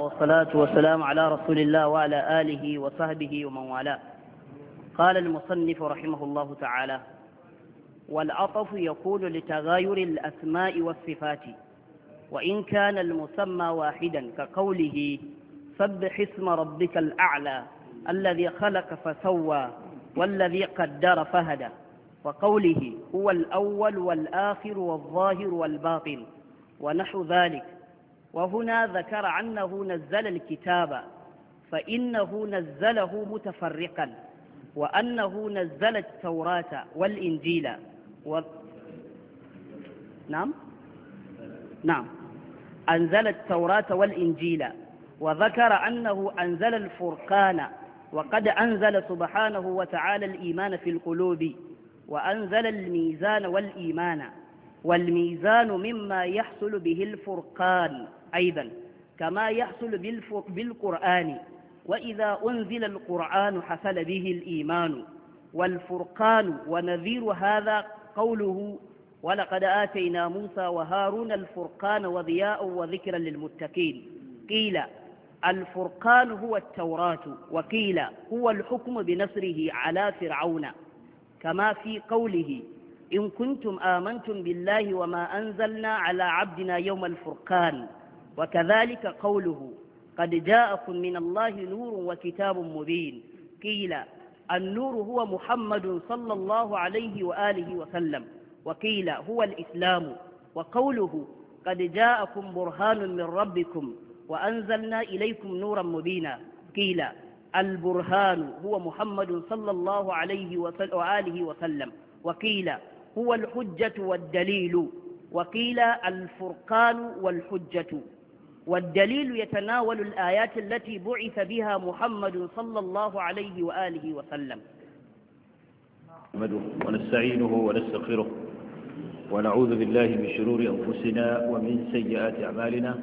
والصلاة والسلام على رسول الله وعلى آله وصحبه ومن والاه قال المصنف رحمه الله تعالى والعطف يقول لتغاير الأسماء والصفات وإن كان المسمى واحدا كقوله سبح اسم ربك الأعلى الذي خلق فسوى والذي قدر فهدى وقوله هو الأول والآخر والظاهر والباطن ونحو ذلك وهنا ذكر أنه نزل الكتاب فإنه نزله متفرقا وأنه نزل التوراة والإنجيل و... نعم نعم أنزل التوراة والإنجيل وذكر أنه أنزل الفرقان وقد أنزل سبحانه وتعالى الإيمان في القلوب وأنزل الميزان والإيمان والميزان مما يحصل به الفرقان أيضا كما يحصل بالقرآن وإذا أنزل القرآن حصل به الإيمان والفرقان ونذير هذا قوله ولقد آتينا موسى وهارون الفرقان وضياء وذكرا للمتقين قيل الفرقان هو التوراة وقيل هو الحكم بنصره على فرعون كما في قوله إن كنتم آمنتم بالله وما أنزلنا على عبدنا يوم الفرقان وكذلك قوله قد جاءكم من الله نور وكتاب مبين قيل النور هو محمد صلى الله عليه وآله وسلم وقيل هو الإسلام وقوله قد جاءكم برهان من ربكم وأنزلنا إليكم نورا مبينا قيل البرهان هو محمد صلى الله عليه وآله وسلم وقيل هو الحجة والدليل وقيل الفرقان والحجة والدليل يتناول الآيات التي بعث بها محمد صلى الله عليه وآله وسلم نحمده ونستعينه ونستغفره ونعوذ بالله من شرور أنفسنا ومن سيئات أعمالنا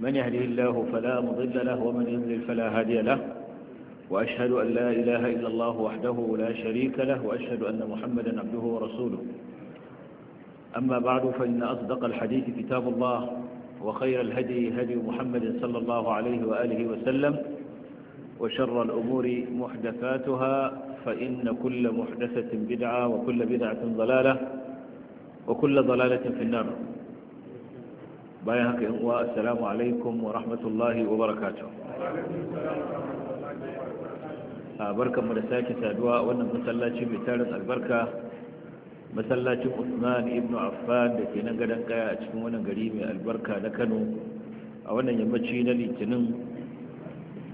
من يهده الله فلا مضل له ومن يضلل فلا هادي له وأشهد أن لا إله إلا الله وحده لا شريك له وأشهد أن محمدا عبده ورسوله أما بعد فإن أصدق الحديث كتاب الله وخير الهدي هدي محمد صلى الله عليه وآله وسلم وشر الأمور محدثاتها فإن كل محدثة بدعة وكل بدعة ضلالة وكل ضلالة في النار بايهك والسلام عليكم ورحمة الله وبركاته آه، بركة مرساك سادواء وانا شبه بتالة البركة masallacin usman ibn affan da ke nan gadon kaya a cikin wannan gari mai albarka na kano a wannan yammaci na litinin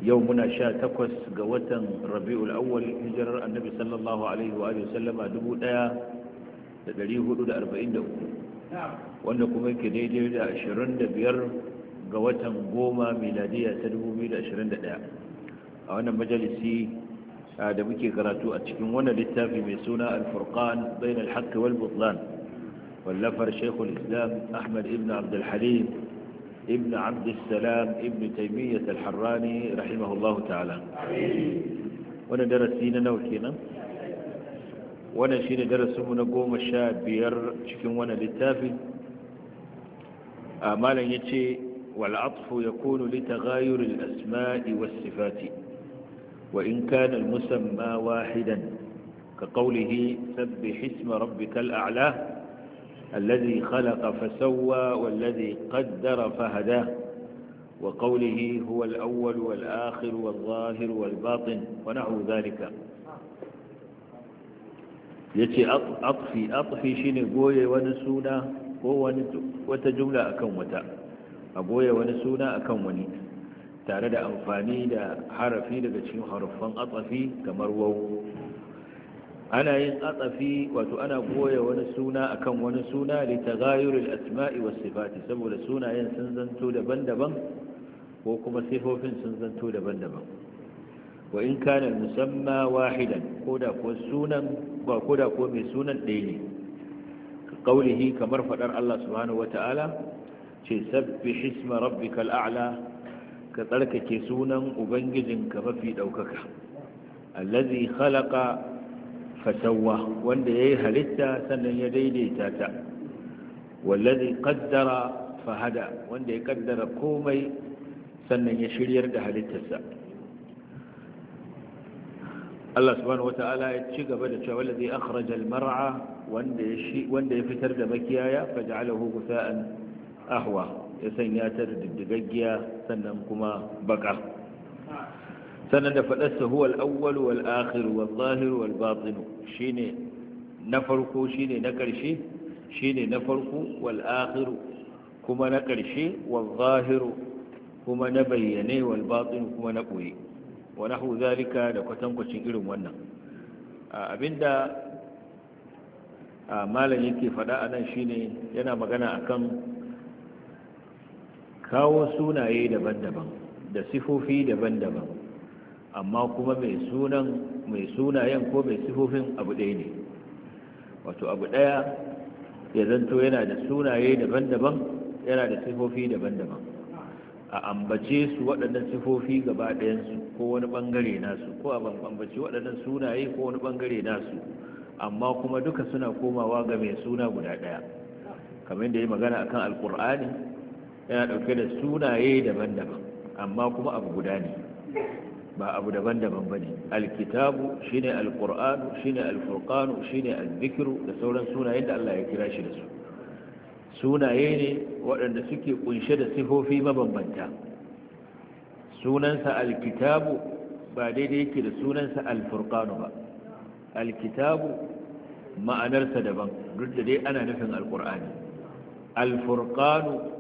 yau muna sha takwas ga watan rabi'ul awwal hijirar annabi sallallahu alaihi wa sallama dubu daya da dari hudu da arba'in da uku wanda kuma ke daidai da ashirin da biyar ga watan goma miladiya ta dubu biyu da ashirin da daya a wannan majalisi da muke karatu a cikin wannan littafi mai suna al-furqan bain al-haqq wal butlan wallafar shaykh al-islam ahmad ibn abd al-halim ibn abd al salam ibn taymiyyah al-harrani rahimahullah ta'ala wannan darasi na nawa kenan wannan shine darasin mu na 15 cikin wannan littafi malam yace wal atfu yakunu li tagayur al-asma'i was-sifati وإن كان المسمى واحدا كقوله سبح اسم ربك الأعلى الذي خلق فسوى والذي قدر فهداه وقوله هو الأول والآخر والظاهر والباطن ونحو ذلك yace أطفي atfi shine goye wani suna ko wani wata ونسونا akan tare da amfani da harafi daga cikin harafan atsafi kamar wau ana yin atsafi wato ana goya wani suna akan wani suna da tagayurul asma'i was sifati saboda sunayen sun zanto daban-daban ko kuma sifofin sun zanto daban-daban wa in kana musamma wahidan koda ko da ba koda ko mai sunan ɗaya ne qaulihi kamar faɗar Allah subhanahu wataala ce sabbi isma rabbikal a'la ka tsarkake sunan ubangijinka mafi ɗaukaka allazi khalaqa fasawa wanda yi halitta sannan ya daidaita ta wallazi qaddara fahada wanda ya kaddara komai sannan ya shiryar da halittarsa Allah subhanahu ta'ala ya ci gaba da cewa wallazi akhraja al-mar'a wanda ya wanda ya fitar da makiyaya faj'alahu gusa'an ahwa ya sanya ta da diddigaggiya sannan kuma baka sannan da faɗarsa huwa al'awwal wal akhir wal zahir wal batin shine na farko shine na ƙarshe shine na farko wal akhir kuma na ƙarshe wal zahir kuma na bayyane wal batin kuma na koyi wa nahu zalika da kwatankwacin irin wannan abinda malam yake faɗa anan shine yana magana akan kawo sunaye daban-daban da sifofi daban-daban amma kuma mai sunan mai sunayen ko mai sifofin abu ɗaya ne wato abu ɗaya ya zanto yana da sunaye daban-daban yana da sifofi daban-daban a ambace su waɗannan sifofi gaba ɗayansu ko wani ɓangare nasu ko a ambace waɗannan sunaye ko wani ɓangare nasu amma kuma duka suna komawa ga mai suna guda ɗaya kamar yadda ya magana akan alƙur'ani yana ɗauke da sunaye daban-daban amma kuma abu guda ne ba abu daban-daban ba ne alkitabu shi ne alƙur'anu shi ne alfurƙanu shi ne alzikiru da sauran sunayen da allah ya kira shi da su sunaye ne waɗanda suke ƙunshe da sifofi mabambanta sunansa alkitabu ba daidai yake da sunansa alfurƙanu ba alkitabu ma'anarsa daban duk da dai ana nufin alƙur'ani alfurkanu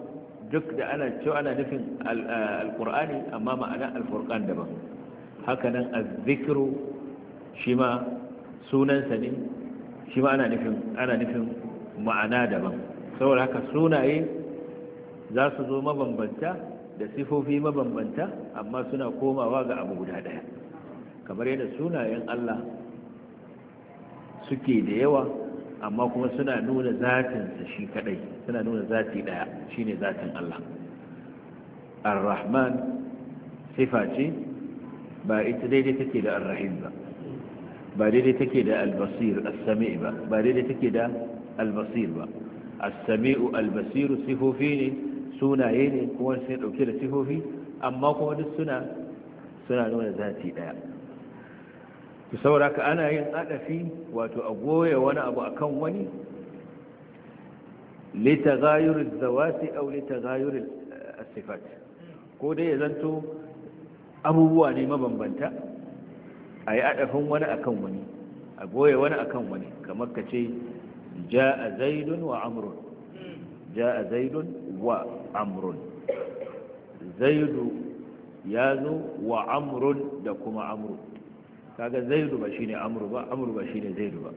duk da ana cewa ana nufin alkur'ani amma ma'ana Alfurkan daban hakanan azzikru shi ma sunansa ne shi ma ana nufin ana nufin ma'ana daban saboda haka sunaye za su zo mabambanta da sifofi mabambanta amma suna komawa ga abu guda ɗaya, kamar yadda sunayen Allah suke da yawa amma kuma suna nuna zatinsa shi kadai suna nuna zati daya shine zatin Allah ar-rahman sifa ce ba ita daidai take da ar-rahim ba ba daidai take da al-basir as-sami' ba ba daidai take da al-basir ba as-sami'u al-basir sifofi ne sunaye ne kuma sai dauke da sifofi amma kuma duk suna suna nuna zati daya ki ka ana yin adafi wato a goye wani abu a kan wani lita zayurin zawasi ta lita a eh, asifat ko dai ya zanto abubuwa ne mabambanta a yi adafin wani a kan wani a goye wani a kan wani kamar ka ce ja a zaidun wa amurun ja a zaidun wa amurun zaidu ya zo wa amurun da kuma amurun kaga zaidu ba shine amru ba amru ba shine zai ba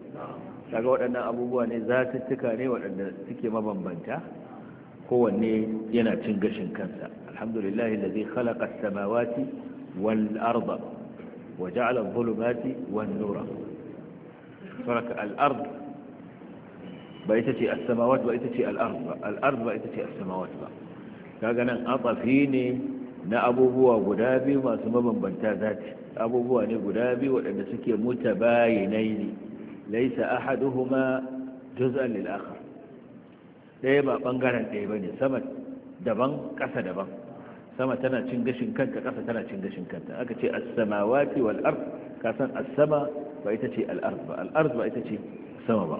kaga waɗannan abubuwa ne zatuttuka ne waɗanda suke mabambanta kowanne yana cin gashin kansa alhamdulillah da zai as-samawati wal arda wa ja'ala adh wan nura saraka al ba ita ce as-samawati ba ita ce al ba al ba ita ce as-samawati ba kaga nan atafi ne na abubuwa guda biyu masu mabambanta zati abubuwa ne guda biyu waɗanda suke mutu mutabayinai ne laisa kuma juz'an lil akhar ɗaya ba ɓangaren ɗaya bane sama daban ƙasa daban sama tana cin gashin kanta ƙasa tana cin gashin kanta aka ce as-samawati wal ard ka san as-sama ba ita ce al ba al ba ita ce sama ba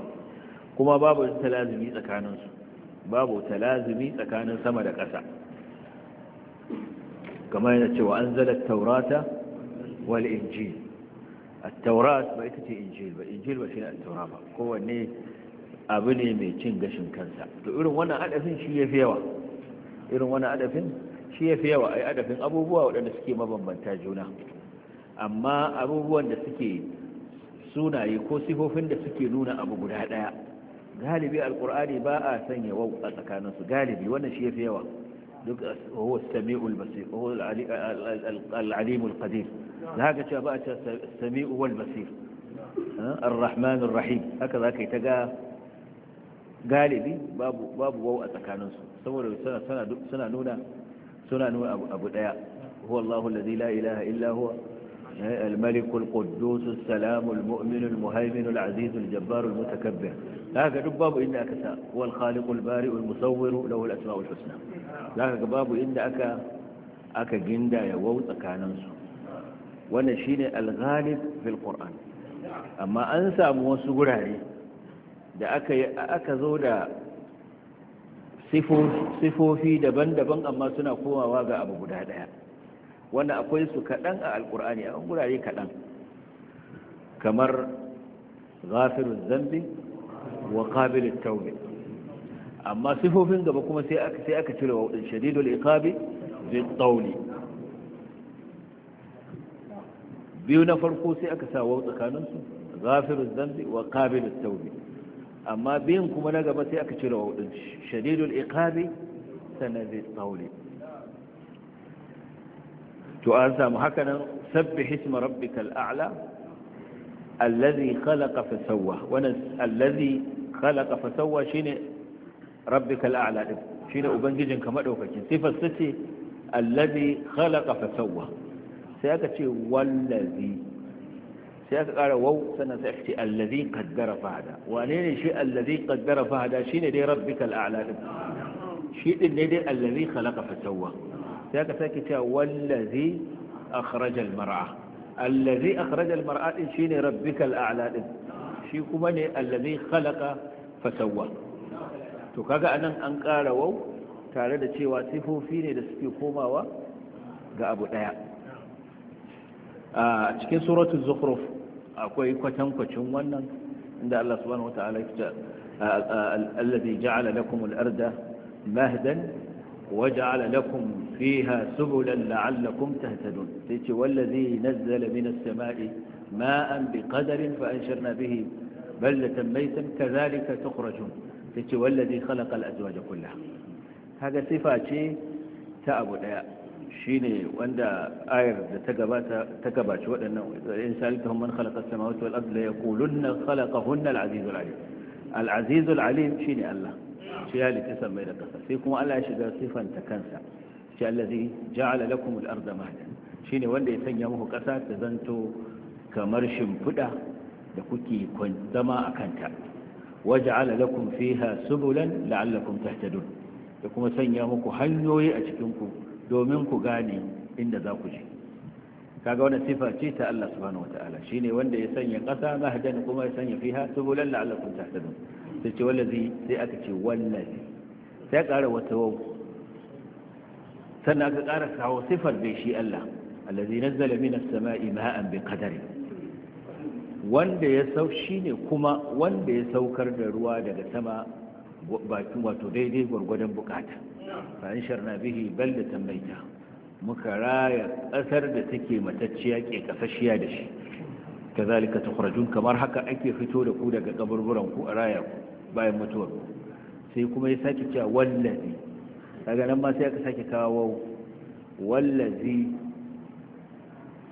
kuma babu talazumi tsakanin su babu lazumi tsakanin sama da ƙasa kamar yana cewa an at-taurata wal injil at-taurat ba ita ce injil ba injil ba shine at-taurat ba kowanne abu ne mai cin gashin kansa to irin wannan adafin shi yafi yawa irin wannan adafin abubuwa waɗanda suke mabambanta juna amma abubuwan da suke sunaye ko sifofin da suke nuna abu guda ɗaya galibi Alƙur'ani ba a sanya wa a tsakaninsu galibi wannan shi yafi yawa وهو السميع البصير وهو العليم القدير هكذا بقى السميع والبصير الرحمن الرحيم هكذا كي تجا غالبي باب باب وهو اتكانس صور سنه سنه سنه نونا سنه نونا ابو ضياء هو الله الذي لا اله الا هو الملك القدوس السلام المؤمن المهيمن العزيز الجبار المتكبر zaka duk babu inda aka sa wal khaliqul bari'ul musawwiru lahu al asmaul husna zaka ga babu inda aka ginda ya wau tsakanin su wannan shine al ghalib fil amma an samu wasu gurare da aka zo da sifofi daban-daban amma suna komawa ga abu guda daya wanda akwai su kaɗan a alkur'ani a gurare kaɗan kamar ghafirun zambi وقابل التوبة أما صفه فين قبكم سيأكتل شديد الإقاب للطول بيونا فرقو سيأكسا ووط كانونس غافر الزنب وقابل التوبة أما بينكم نقب سيأكتل شديد الإقاب سنذي الطول تؤالسا محكنا سبح اسم ربك الأعلى الذي خلق فسوه ونس الذي khalaqa fa sawwa shine rabbikal a'la din shine ubangijinka madaukakin sifar sace allazi khalaqa fa sawwa sai aka ce wallazi sai aka ƙara wau sannan sai aka ce allazi ne shi allazi qaddara fahada shine dai rabbikal a'la din shi din ne dai allazi khalaqa fa sawwa cewa wallazi akhrajal mar'a mar'a din shine shi kuma ne fatawa to kaga anan an ƙara wau tare da cewa sifofi ne da suke komawa ga abu ɗaya a cikin suratul zukhruf akwai kwatankwacin wannan inda Allah subhanahu wata'ala ya fita alladhi ja'ala lakum al-arda mahdan wa ja'ala lakum fiha subulan la'allakum tahtadun sai ce wallazi nazzala minas samai ma'an biqadarin fa ansharna bihi بلدة ميتا كذلك تخرجون تتي والذي خلق الأزواج كلها هذا صفة شيء تأبو الآية شيني وأن آير تكبات وأن إن سألتهم من خلق السماوات والأرض ليقولن خلقهن العزيز العليم العزيز العليم شيني الله شيء اللي تسمى لك فيكم الله يشد صفة تكنسى شيء الذي جعل لكم الأرض مهدا شيني وأن يسنى مه كسات تزنتو kamar shimfiɗa da kuke zama a kanta waje lakum fiha subulan la'allakum tahtadun da kuma sanya muku hanyoyi a cikinku domin ku gane inda za ku je kaga wani sifa ce ta Allah subhanahu wataala shine wanda ya sanya ƙasa mahdan kuma ya sanya fiha subulan la'allakum tahtadun sai ce wallazi sai aka ce wallazi sai ƙara wata wau sannan aka ƙara kawo sifar bai shi Allah allazi nazzala minas sama'i ma'an bi qadari wanda ya sau ne kuma wanda ya saukar da ruwa daga sama bakin wato daidai gwargwadon bukata fa in sharna bihi da maita muka raya kasar da take matacciya ke kafashiya da shi kazalika tukhrajun kamar haka ake fito da ku daga kaburburan ku a raya ku bayan mutuwar ku sai kuma ya sake cewa wallazi daga nan ma sai aka sake kawo wallazi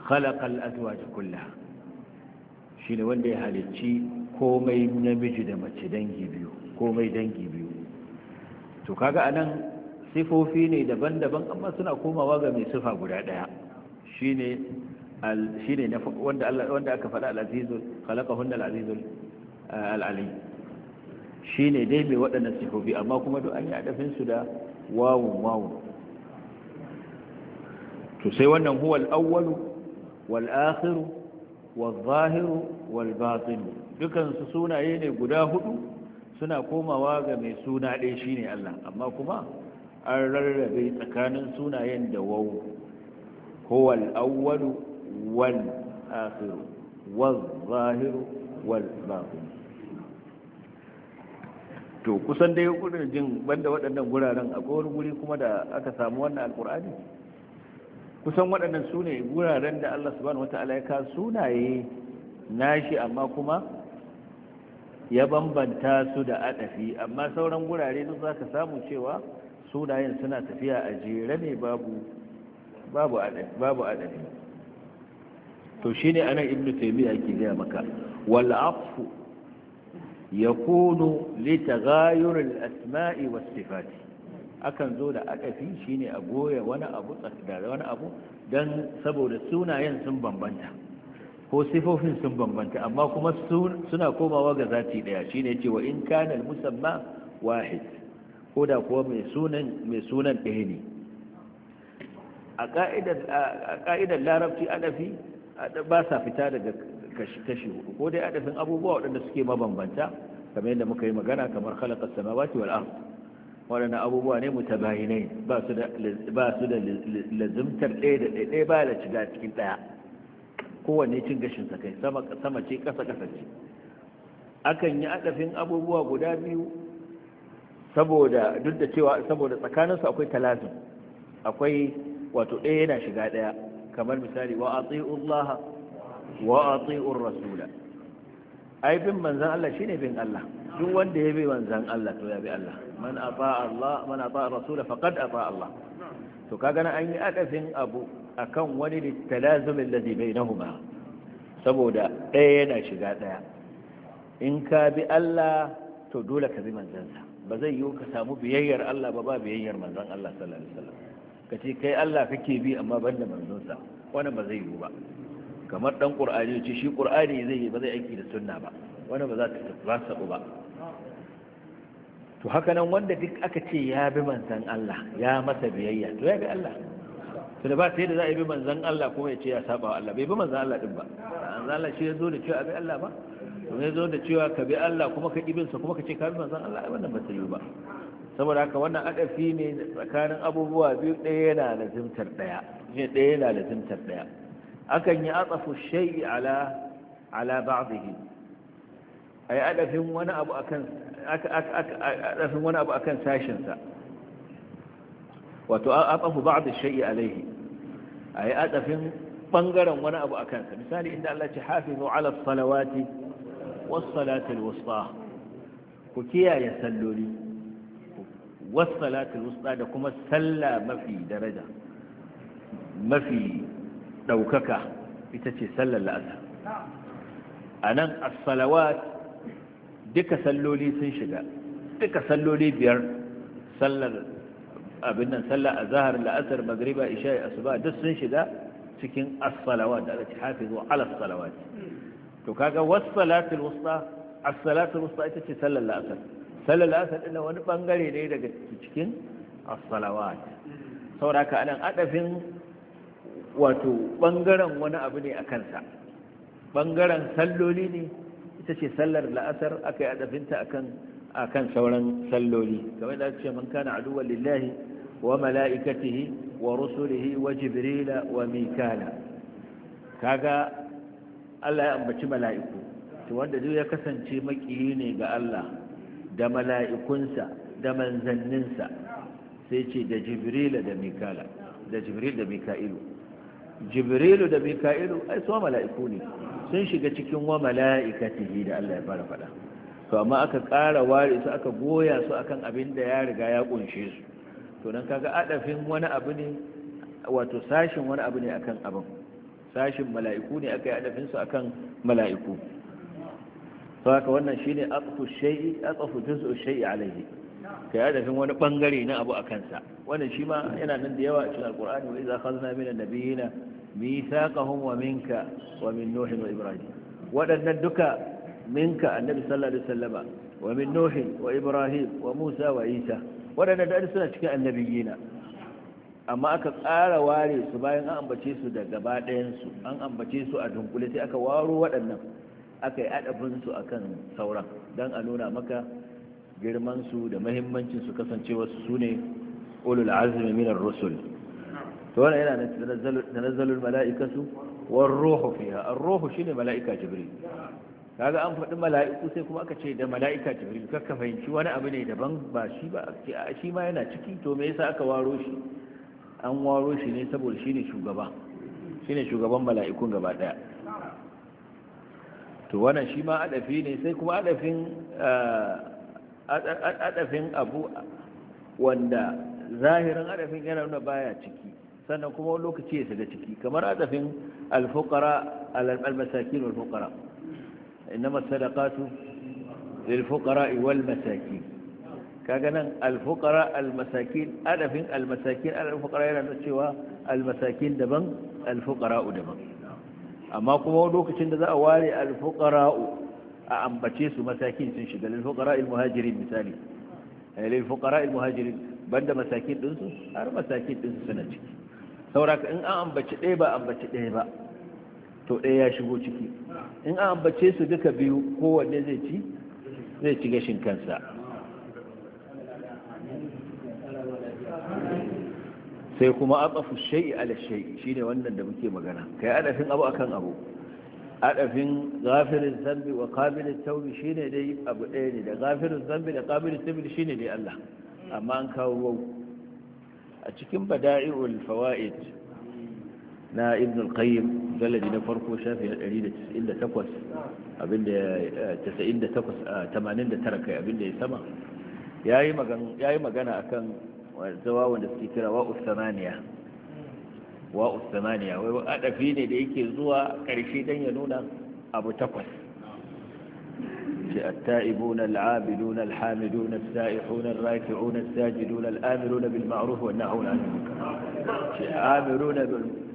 khalaqal azwaj kullaha shine wanda ya halicci komai namiji da mace dangi biyu komai dangi biyu to kaga anan sifofi ne daban-daban amma suna komawa ga mai sifa guda daya shine shine wanda Allah wanda aka faɗa al-aziz khalaqahunna al-aziz al-ali shine dai mai waɗannan sifofi amma kuma duk an yi adafin su da wawun wawun to sai wannan huwal al-awwal wal-akhir والظاهر والباطن dukan su sunaye ne guda hudu suna komawa ga mai suna ɗaya shine Allah amma kuma an rarrabe tsakanin sunayen da waw huwa wal awwal wal akhir wal zahir wal batin to kusan dai kudin jin banda waɗannan guraren akwai wani guri kuma da aka samu wannan alqur'ani kusan waɗannan su ne wuraren da Allah subhanahu wata'ala ya ka sunaye nashi amma kuma ya bambanta su da adafi amma sauran wurare duk za ka samu cewa sunayen suna tafiya a jere ne babu babu adafi to shi ne anan ibn taimiyya ke gaya maka wal'afu ya kunu li tagayurin asma'i wasu sifati akan zo da adafi shine a goya wani abu da wani abu dan saboda sunayen sun bambanta ko sifofin sun bambanta amma kuma suna komawa ga zati daya shine yace wa in kana musamma wahid ko da kuwa mai sunan mai ɗaya ne a ka'idar larabci adafi ba sa fita daga kashi hudu ko dai adafin abubuwa waɗanda suke mabambanta kamar yadda muka yi magana kamar khalaqa samawati wal ardh waɗannan abubuwa ne mutabayinai ba su da lazimtar ɗaya da ɗaya ba da shiga cikin ɗaya kowanne cin gashin sa kai sama ce ƙasa ƙasa ce akan yi adafin abubuwa guda biyu saboda duk da cewa saboda tsakaninsu akwai talazin akwai wato ɗaya yana shiga ɗaya kamar misali wa ati'ullaha wa ati'ur rasula ai bin manzon Allah ne bin Allah duk wanda ya bi manzan Allah to ya bi Allah man ata Allah man ata rasul faqad ata Allah to kaga nan an yi adafin abu akan wani litalazum alladhi bainahuma saboda ɗaya yana shiga ɗaya in ka bi Allah to dole ka bi sa. ba zai yiwu ka samu biyayyar Allah ba ba biyayyar manzon Allah sallallahu alaihi wasallam ka ce kai Allah kake bi amma ban banda manzonsa wannan ba zai yiwu ba kamar dan qur'ani ce shi qur'ani zai yi ba zai aiki da sunna ba wannan ba za ta tafi ba ba to haka nan wanda duk aka ce ya bi manzan Allah ya masa biyayya to ya bi Allah to da ba sai da za a bi manzan Allah kuma ya ce ya saba wa Allah bai bi manzan Allah din ba manzan Allah shi ya zo da cewa a bi Allah ba to ya zo da cewa ka bi Allah kuma ka ibinsa kuma ka ce ka bi manzan Allah ai wannan ba sai ba saboda haka wannan adafi ne tsakanin abubuwa biyu ɗaya yana da zimtar ɗaya ne ɗaya yana da zimtar ɗaya akan yi atsafu shay'i ala ala ba'dihi ai adafin wani abu akan ɗafin wani abu akan sashinsa wato an afu ba da shayi alaihi a yi ɗafin ɓangaren wani abu a kansa misali inda Allah ce hafizu ala salawati wassalatul wusta ku kiyaye salloli wassalatul wusta da kuma salla mafi daraja mafi ɗaukaka ita ce sallar la'asar a nan as-salawat duka salloli sun shiga duka salloli biyar sallar abin nan a zahar la'asar magriba isha asuba duk sun shiga cikin as-salawat da ake hafizu ala as-salawat to kaga was-salatul wusta as-salatul wusta ita ce sallar la'asar sallar la'asar din wani bangare ne daga cikin as-salawat saboda haka anan adafin wato bangaren wani abu ne a kansa bangaren salloli ne ita ce sallar la'asar aka yi adafinta akan akan sauran salloli kamar da ce man kana aduwwan lillahi wa mala'ikatihi wa rusulihi wa jibrila wa mikala kaga Allah ya ambaci mala'iku to wanda duk ya kasance makiyi ne ga Allah da mala'ikunsa da manzanninsa sai ce da jibrila da mikala da jibril da mika'ilu jibrilu da mika'ilu ai su mala'iku ne sun shiga cikin wa mala'ikatihi da Allah ya fara faɗa to amma aka ƙara ware su aka goya su akan abin da ya riga ya kunshe su to dan kaga adafin wani abu ne wato sashin wani abu ne akan abin sashin mala'iku ne aka yi adafin su akan mala'iku to haka wannan shine aqfu shay'i aqfu juz'u shay'i alayhi kai adafin wani bangare na abu akan sa wannan shi ma yana nan da yawa a cikin alqur'ani wa idza khazna min an-nabiyina mithaqahum wa minka wa min nuh wa ibrahim wadannan duka minka annabi sallallahu alaihi wasallama wa min nuh wa ibrahim wa musa wa isa wadannan da suna cikin annabiyina amma aka ƙara ware su bayan an ambace su da gaba ɗayansu an ambace su a dunkule sai aka waro waɗannan aka yi aɗabinsu a kan sauran dan a nuna maka girman su da mahimmancinsu kasancewa su ne ulul azmi minar rusul to wannan yana nan tanazzalul mala'ikatu war ruhu fiha ar-ruhu shine mala'ika jibril kaga an faɗi mala'iku sai kuma aka ce da mala'ika jibril kakka fahimci wani abu ne daban ba shi ba a ce shi ma yana ciki to me yasa aka waro shi an waro shi ne saboda shine shugaba shine shugaban mala'ikun gaba daya to wannan shi ma adafi ne sai kuma adafin adafin abu wanda zahirin adafin yana nuna baya ciki sannan kuma wani lokaci ya shiga ciki kamar azafin alfukara almasakin alfukara innama sadaqatu lilfuqara wal masakin kaga nan alfukara almasakin adafin almasakin alfukara yana da cewa almasakin daban alfukara daban amma kuma wani lokacin da za a ware alfukara a ambace su masakin sun shiga lilfuqara almuhajirin misali eh, lilfuqara almuhajirin banda masakin dinsu har masakin dinsu suna ciki sauraka in an ambaci ɗaya ba ambaci ɗaya ba to ɗaya ya shigo ciki in an ambace su duka biyu kowanne zai ci zai ci gashin kansa sai kuma abafu shai'i ala shi ne wannan da muke magana kai adafin abu akan abu adafin gafirin zambi wa kabilin taubi ne dai abu ɗaya ne da gafirin zambi da kabilin taubi ne dai Allah amma an kawo a cikin bada'i'ul fawaid na ibn al-qayyim na farko shafi na 198 abinda 98 89 kai abinda ya sama yayi magana yayi magana akan zawawun da suke kira wa'us samaniya wa'us wai adafi ne da yake zuwa karshe dan ya nuna abu takwas التائبون العابدون الحامدون السائحون الراكعون الساجدون الآمرون بالمعروف والنهون عن المنكر آمرون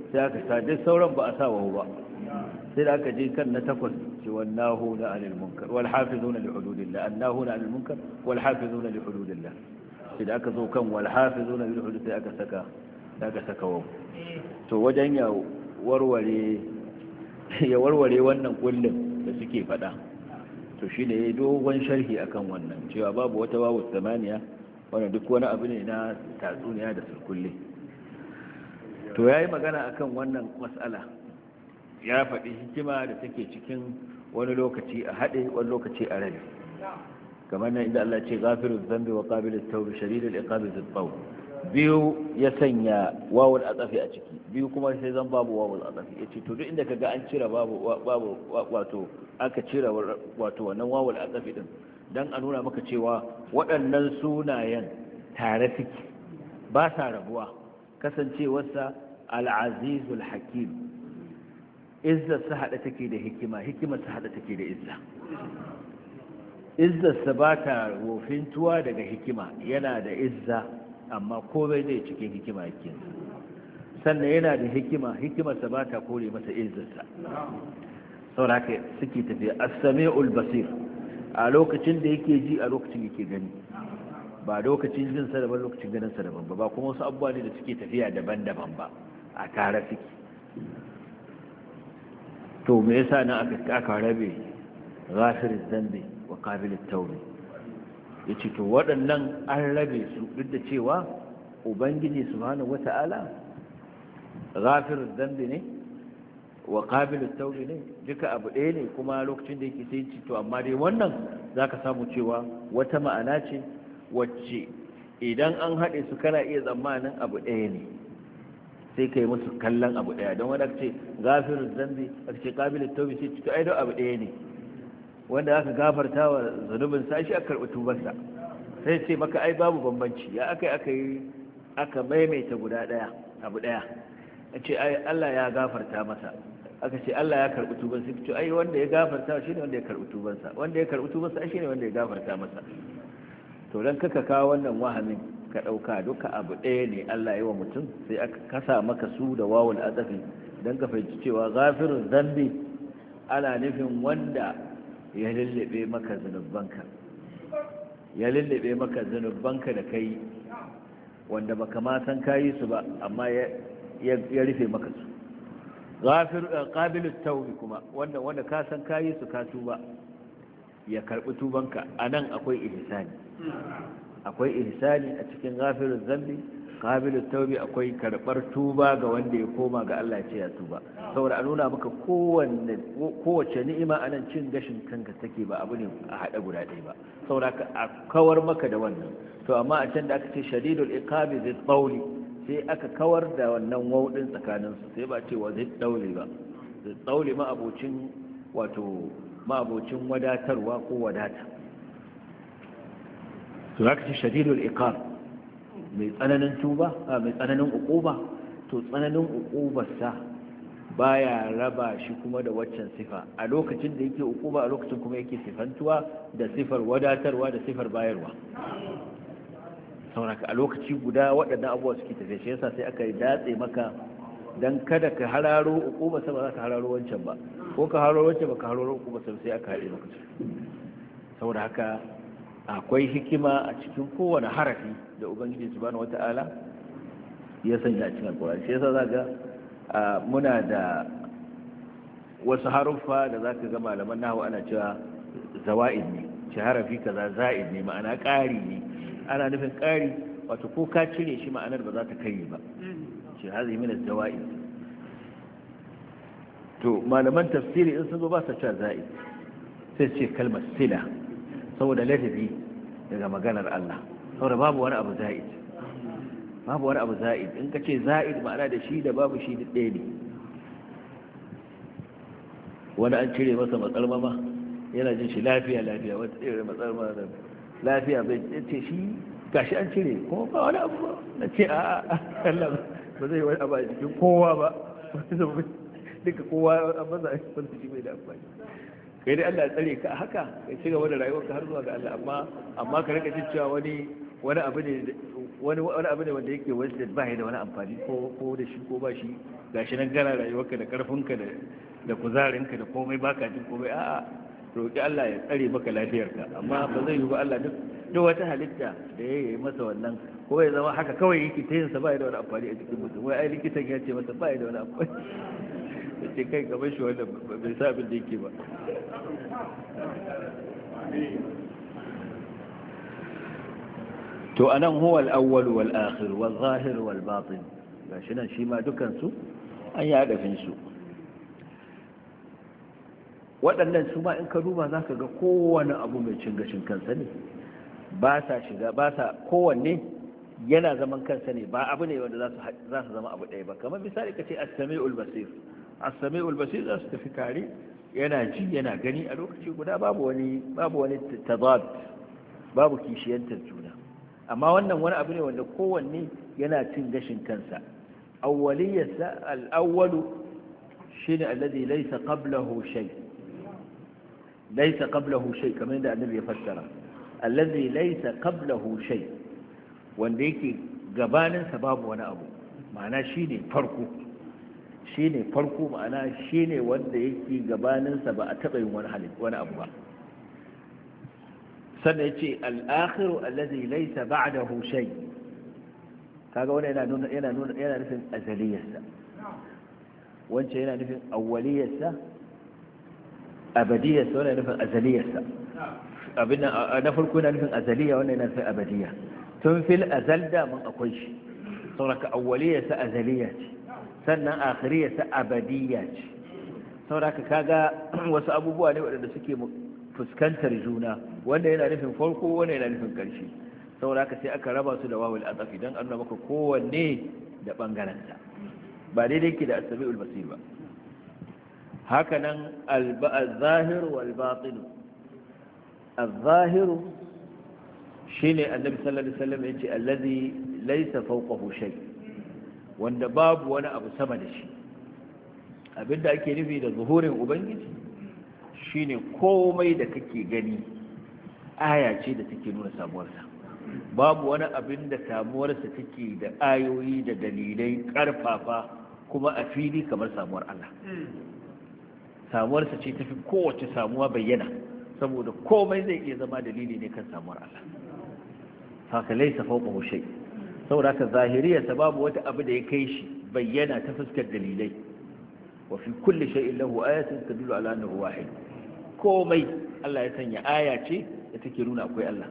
بالساكسة دي سورا بأساوه بقى سيدك جي كان تكون والناهون عن المنكر والحافظون لحدود الله الناهون عن المنكر والحافظون لحدود الله سيدك ذو كم والحافظون لحدود سيدك سكا سيدك سكا وو تو وجن يا warware ya warware wannan kullum da suke faɗa to shi ne dogon sharhi akan wannan cewa babu wata wawu samaniya wanda duk wani abu ne na tatsuniya da surkulle to ya yi magana akan wannan matsala ya faɗi hikima da take cikin wani lokaci a haɗe wani lokaci a rai, kamar nan inda Allah ce gafirin zambi wa qabilut da shadidul iqabi zat biyu ya sanya wawul a tsafi a ciki biyu kuma sai zan babu wawul a tsafi ya ce to duk inda kaga an cire babu babu wato aka cire wato wannan wawul a tsafi din dan a nuna maka cewa waɗannan sunayen tare suke ba sa rabuwa kasancewarsa al-azizul hakim izza su hada take da hikima hikima su hada take da izza izzarsa ba ta tuwa daga hikima yana da izza amma komai zai cikin hikima yake sannan yana da hikima hikimarsa ba ta kore masa izinsa sauraka suke tafiya as-sami'ul basir a lokacin da yake ji a lokacin yake gani ba lokacin jin sa daban lokacin ganin sa daban ba kuma wasu abubuwa ne da suke tafiya daban-daban ba a tare suke to me yasa nan aka aka rabe ghafir zambi wa qabil taurin. ya ce to waɗannan an rabe su duk da cewa ubangiji subhanahu wata'ala ghafirud dambi ne wa qabilut tawbi ne duka abu ɗaya ne kuma lokacin da yake sai to amma dai wannan zaka samu cewa wata ma'ana ce wacce idan an haɗe su kana iya tsammanin abu ɗaya ne sai kai musu kallon abu ɗaya don wani ce gafirun zambi a ce ƙabilin taubi sai ai aidon abu ɗaya ne wanda aka gafarta wa zunubin sa shi aka karɓi tubarsa sai ce maka ai babu bambanci ya aka aka yi aka maimaita guda ɗaya abu ɗaya a ce ai Allah ya gafarta masa aka ce Allah ya karɓi tubarsa ce ai wanda ya gafarta shi ne wanda ya karɓi tubarsa wanda ya karɓi tubarsa shi ne wanda ya gafarta masa to dan kaka kawo wannan wahamin ka ɗauka duka abu ɗaya ne Allah yi wa mutum sai aka kasa maka su da wawul azafi don ka fahimci cewa gafirin dhanbi ana nufin wanda ya lullube maka zanubbanka ya lullube maka zanubbanka da kai wanda baka ma san kayi su ba amma ya rufe maka su ghafir eh, qabilu tawbi kuma wanda wanda ka san kayi su ka tuba ya karbi tubanka anan akwai ihsani akwai ihsani a cikin ghafiruz zambi qabilu tawbi akwai karbar tuba ga wanda ya koma ga Allah ya ce ya tuba saboda a nuna maka kowanne kowace ni'ima anan cin gashin kanka take ba abu ne a hada guda ɗaya ba saboda a kawar maka da wannan to amma a can da aka ce shadidul iqabi zai tsauli sai aka kawar da wannan waudin tsakaninsu sai ba ce wa zai tsauli ba zai tsauli ma abocin wato ma'abocin wadatarwa ko wadata to aka ce shadidul iqabi mai tsananin tuba mai tsananin ukuba to tsananin ba ya raba shi kuma da waccan sifa a lokacin da yake ukuba a lokacin kuma yake sifantuwa da sifar wadatarwa da sifar bayarwa sauraka a lokaci guda waɗannan abubuwa suke tafiya shi yasa sai aka yi datse maka dan kada ka hararo ukuba sai ba za ka hararo wancan ba ko ka hararo wancan ba ka hararo uquba sai aka haɗe maka saboda haka akwai hikima a cikin kowane harafi da ubangiji subhanahu wata'ala ya sanya cikin alkur'ani shi yasa zaka muna da wasu haruffa da zaka ga malaman nahwu ana cewa zawaid ne shi harafi kaza za'id ne ma'ana ƙari ne ana nufin ƙari wato ko ka cire shi ma'anar ba za ta kai ba shi hazi min zawaid to malaman tafsiri in sun zo ba su cewa za'id sai ce kalmar sila saboda ladabi daga maganar Allah saboda babu wani abu za'id babu wani abu za'id in ka ce za'id ma'ana da shi da babu shi da ɗaya ne wani an cire masa matsalmama yana jin shi lafiya lafiya wata cire matsalmama da lafiya bai ce shi gashi an cire ko ba wani abu ba na ce a Allah ba zai wani abu a jikin kowa ba duka kowa an masa a yi wani shi mai da amfani kai dai Allah ya tsare ka haka ka ci gaba da rayuwarka har zuwa ga Allah amma amma ka rika cewa wani wani abu ne wani wani abu ne wanda yake wasted ba da wani amfani ko ko da shi ko ba shi gashi nan gara rayuwarka da karfinka da da kuzarinka da komai baka jin komai a'a roki Allah ya tsare maka lafiyarka amma ba zai yi ba Allah duk duk wata halitta da ya yi masa wannan ko ya zama haka kawai yake ta yin sa ba da wani amfani a cikin mutum wai ai likitan ya ce masa ba da wani amfani da ce kai gaban shi wanda bai sa abin da yake ba to anan huwa al-awwal wal akhir wal zahir wal batin gashi nan shi ma dukan su an yi hadafin su waɗannan su ma in ka duba za ka ga kowane abu mai cin gashin kansa ne ba sa shiga ba sa kowanne yana zaman kansa ne ba abu ne wanda za su zama abu ɗaya ba kamar misali ka ce as-sami'ul basir as-sami'ul basir za su tafi tare yana ji yana gani a lokaci guda babu wani babu babu kishiyantar juna amma wannan wani abu ne wanda kowanne yana cin gashin kansa awwaliyarsa al-awwalu shine alladhi laisa qablahu shay Laisa qablahu shay kamar yadda annabi ya fassara alladhi laisa qablahu shay wanda yake gabaninsa babu wani abu ma'ana shine farko shi ne farko ma'ana shi ne wanda yake gabaninsa ba a taɓa yin wani abu ba sannan ya ce al'akhiru allazi laisa ba'dahu shay kaga wani yana nuna yana nuna yana nufin azaliyarsa wancan yana nufin awwaliyarsa abadiyarsa wannan yana nufin azaliyarsa abin na farko yana nufin azaliya wannan yana nufin abadiya tun fil azal da mun akwai shi sauraka awwaliyarsa azaliya ce sannan akhiriyar ta abadiyya ce saboda kaga wasu abubuwa ne waɗanda suke fuskantar juna wanda yana nufin farko wanda yana nufin ƙarshe saboda sai aka raba su da wawul azafi don an maka kowanne da ɓangaranta ba daidai ke da asabi ulbasir ba haka nan al-zahiru wal-batinu al-zahiru shine annabi sallallahu alaihi wasallam yace allazi laysa fawqahu shay' wanda babu wani abu sama da shi abinda ake nufi da zuhurin ubangiji shine komai da kake gani aya ce da take nuna samuwarsa babu wani abin da samuwarsa take da ayoyi da dalilai karfafa kuma a fili kamar samuwar Allah samuwarsa ce tafi kowace samuwa bayyana saboda komai zai iya zama dalili ne kan samuwar Allah fa laisa fawqa shay'in saboda ka zahiriyarsa babu wata abu da ya kai shi bayyana ta fuskar dalilai wa fi kulli shay'in lahu ayatun tadullu ala annahu wahid komai Allah ya sanya aya ce da take nuna akwai Allah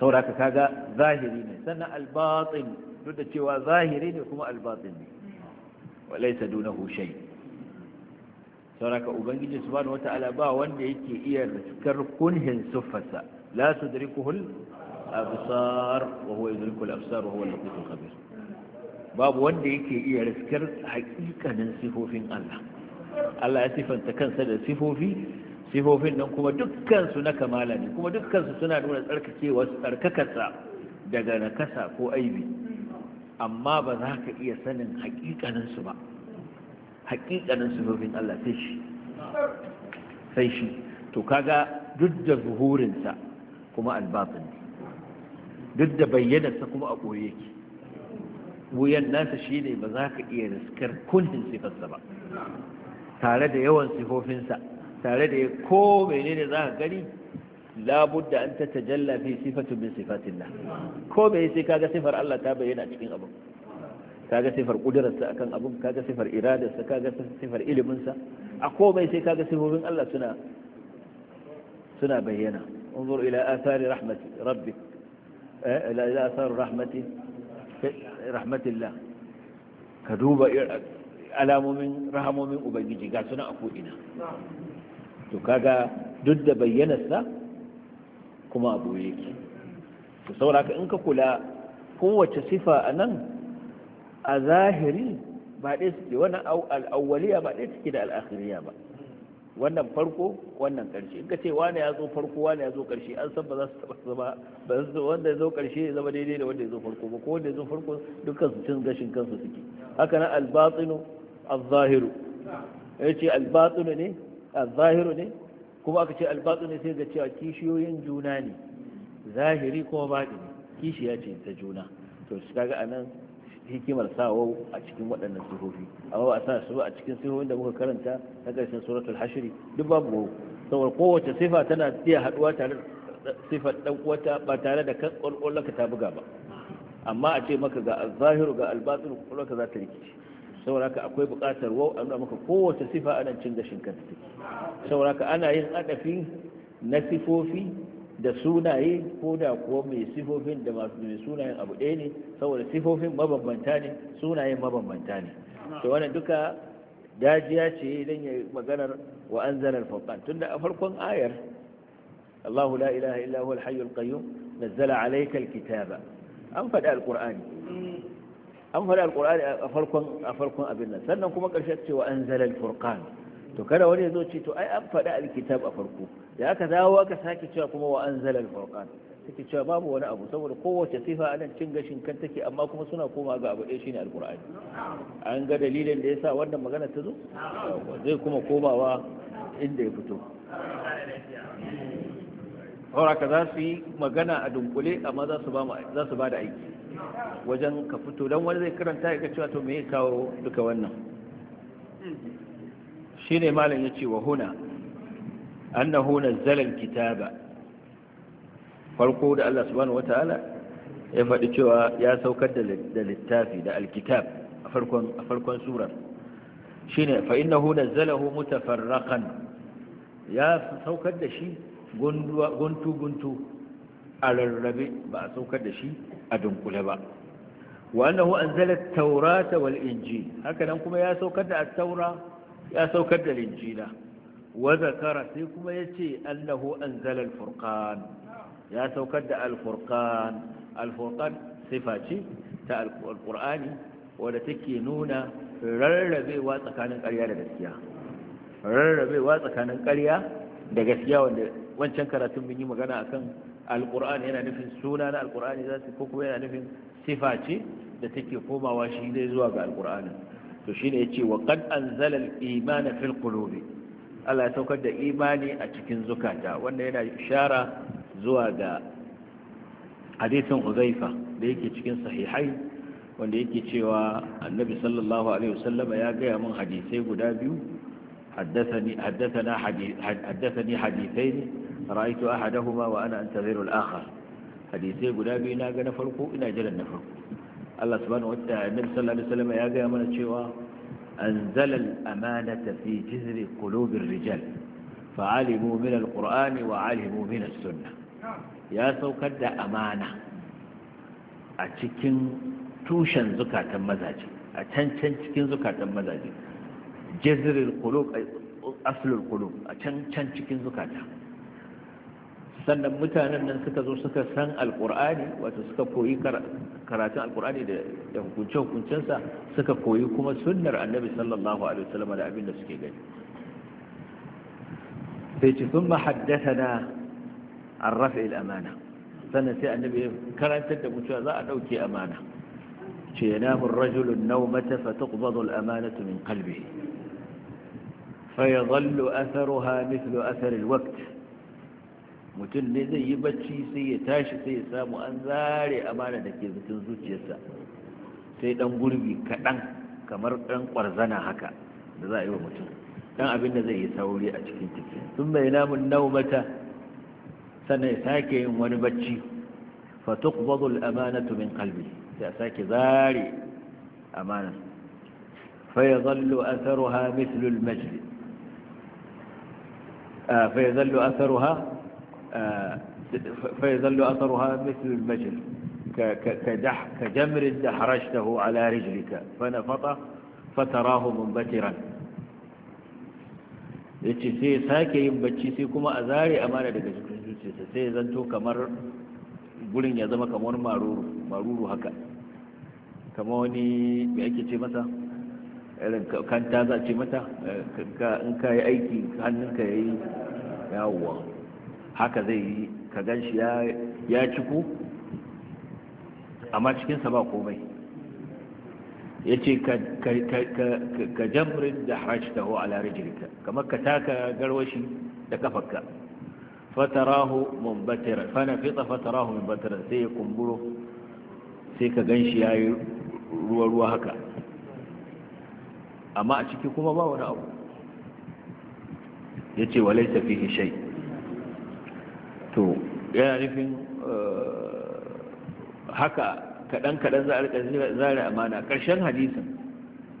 saboda ka kaga zahiri ne sannan al-batin duk da cewa zahiri ne kuma al-batin ne wa laysa dunahu shay saboda ka ubangiji subhanahu wata'ala ba wanda yake iya riskar kunhin suffarsa la tudrikuhu absar wa huwa yudrikul absar wa khabir babu wanda yake iya riskar hakikanin sifofin Allah Allah ya sifanta kansa da sifofi sifofin nan kuma dukkan su na kamala ne kuma dukkan su suna nuna tsarkakewa tsarkakarsa daga nakasa ko aibi amma ba za ka iya sanin hakikanin su ba hakikanin sifofin Allah sai shi sai shi to kaga duk da zuhurinsa kuma albatin duk da bayyanarsa kuma a ɓoye yake wuyan nasa shi ne ba za ka iya riskar kundin sifarsa ba tare da yawan sifofinsa tare da ko ne za ka gani da an tatajalla fi sifatun min sifatillah ko me sai kaga sifar Allah ta bayyana cikin abu kaga sifar kudurarsa akan abun kaga sifar iradarsa kaga sifar iliminsa a komai sai kaga sifofin Allah suna suna bayyana انظر إلى آثار رحمة ربك la eh, ila asar rahmati rahmatillah ka duba alamomin rahamomin ubangiji ga suna a ko'ina to kaga duk da bayyanarsa kuma abu yake to sauraka in ka kula kowace sifa a nan a zahiri ba ɗaya wani al'awwaliya ba ɗaya da al'akhiriya ba wannan farko wannan karshe in ka ce wani ya zo farko wani ya zo karshe an san ba za su taba zama ba su wanda ya zo karshe ya zama daidai da wanda ya zo farko ba ko wanda ya zo farko dukkan su cin gashin kansu suke haka nan albatsinu azahiru zahiru yace albatsinu ne azahiru zahiru ne kuma aka ce albatsinu sai ga cewa kishiyoyin juna ne zahiri kuma ne kishiya ce ta juna to kaga anan hikimar sawo a cikin waɗannan sihohi amma ba a sa su ba a cikin sihohin da muka karanta na ƙarshen suratul hashiri duk babu ba saboda kowace sifa tana iya haɗuwa tare da sifar ɗan uwata ba tare da kan ka ta buga ba amma a ce maka ga zahiru ga albatin ka za ta rikici saboda akwai buƙatar wau a nuna maka kowace sifa ana cin gashin kanta take saboda ana yin adafi na sifofi da sunaye ko da kuwa mai sifofin da masu mai sunayen abu ɗaya ne saboda sifofin mabambanta ne sunayen mabambanta ne to wannan duka dajiya ce idan ya maganar wa anzalal furqan tunda a farkon ayar Allahu la ilaha illa huwal hayyul qayyum nazzala alaykal kitaba an faɗi alqur'ani an faɗi alqur'ani a farkon a farkon abin nan sannan kuma ƙarshe ce wa anzalal furqan to kada wani ya zo ce to ai an faɗi alkitab a farko da aka dawo aka sake cewa kuma wa an furqan take cewa babu wani abu saboda kowace sifa a nan cin gashin kan take amma kuma suna koma ga abu ɗaya shine alqur'ani an ga dalilin da yasa wannan magana ta zo zai kuma komawa inda ya fito sauraka za su yi magana a dunkule amma za su ba da aiki wajen ka fito don wani zai karanta ya ga cewa to me ya kawo duka wannan shine malam ce wa huna an na huna nazzala kitaba? farko da Allah subhanahu wataala ya faɗi cewa ya saukar da littafi da alkitab a farkon a farkon surar shine fa innahu nazzalahu mutafarraqan ya saukar da shi guntu guntu a rarrabe ba a saukar da shi a dunkule ba wa an zala at-taurata wal injil haka nan kuma ya saukar da at-taura ya saukar da linjila wa zakara sai kuma ya ce annahu an al-furqan ya saukar da al-furqan al-furqan sifa ce ta al-qur'ani wadda take nuna rarrabewa tsakanin ƙarya da gaskiya rarrabewa tsakanin ƙarya da gaskiya wanda wancan karatun mun yi magana akan alkur'ani yana nufin suna na alkur'ani za su ko kuma yana nufin sifa ce da take komawa shi zai zuwa ga alkur'ani. to ya ce wa kan an al-iman fil ala Allah ya saukar da imani a cikin zukata wanda yana shara zuwa ga hadisin Uzaifa da yake cikin sahihai wanda yake cewa Annabi sallallahu alaihi wasallama ya gaya min hadisai guda biyu حدثني حدثنا حديث حدثني حديثين رأيت أحدهما وأنا أنتظر na حديثي قلابي ناقة نفرقه إلى جل نفرقه Allah subhanahu annabi sallallahu alaihi wasallam ya gaya mana cewa anzala al-amanata fi jizri qulubir rijal fa'alimu min al-qur'ani wa 'alimu min as-sunnah ya saukar da amana a cikin tushen zukatan mazaje a cancan cikin zukatan mazaje qulub aslul qulub a cancan cikin sannan mutanen nan suka zo suka san alkur'ani wato suka koyi karatun alkur'ani da hukunce-hukuncensa suka koyi kuma sunnar annabi sallallahu alaihi wasallam da abin da suke gani sai ci sun mahaddasa na an rafe amana sannan sai annabi ya karantar da mutuwa za a ɗauke amana ce ya namun rajulun naumata fa tuqbadu al-amanatu min qalbihi fa yadhallu atharuha mithlu athar al-waqt mutum ne zai yi bacci sai ya tashi sai ya samu an zare amana da ke cikin zuciyarsa sai dan gurbi kaɗan kamar dan kwarzana haka da za a yi wa mutum dan abin da zai yi sauri a cikin ciki sun bai namun naumata sannan ya sake yin wani bacci fatuqbadul amana min qalbi sai a sake zare amana fa yadhallu atharuha mithlu al-majlis ah, fa yadhallu atharuha فيظل أثرها مثل المجل كجمر دحرجته على رجلك فنفط فتراه منبترا yace sai ya sake yin bacci sai kuma a zare amana daga cikin zuciyarsa sai ya zanto kamar gurin ya zama kamar maruru maruru haka kama wani mai ake ce masa irin kan ta za ce mata in ka yi aiki hannunka ya yi yawon haka zai yi ka gan shi ya ciku amma cikinsa ba komai ya ce ka jamrin da a ala jirka kamar ka taka garwashi da kafarka fatarahu mumbatira fana fita fatarahu mumbatira sai ya kumburo sai ka gan shi ya yi ruwa-ruwa haka amma a ciki kuma ba wani abu ya ce walai tafi shai to yana nufin eh, haka kaɗan-kaɗan za a zare amana ƙarshen hadisin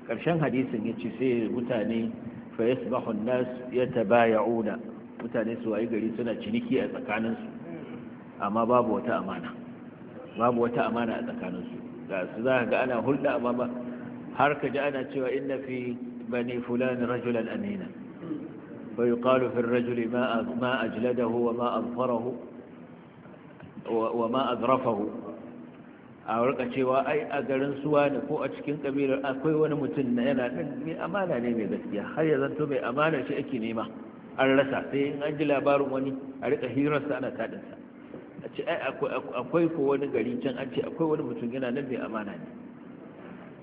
ƙarshen hadisin ya ce sai mutane fa ya sabahun nas ya una mutane su wayi gari suna ciniki a tsakaninsu amma babu wata amana babu wata amana a tsakaninsu ga su za ga ana hulɗa amma har ka ji ana cewa inna fi bani fulani rajulan amina فيقال في الرجل ما ما أجلده وما أظفره وما أذرفه a rika cewa ai a garin suwa ne ko a cikin kabilar akwai wani mutum na yana nan mai amana ne mai gaskiya har yanzu to mai amana shi ake nema an rasa sai in an ji labarin wani a rika sa ana taɗinsa a ce ai akwai ko wani gari can an ce akwai wani mutum yana nan mai amana ne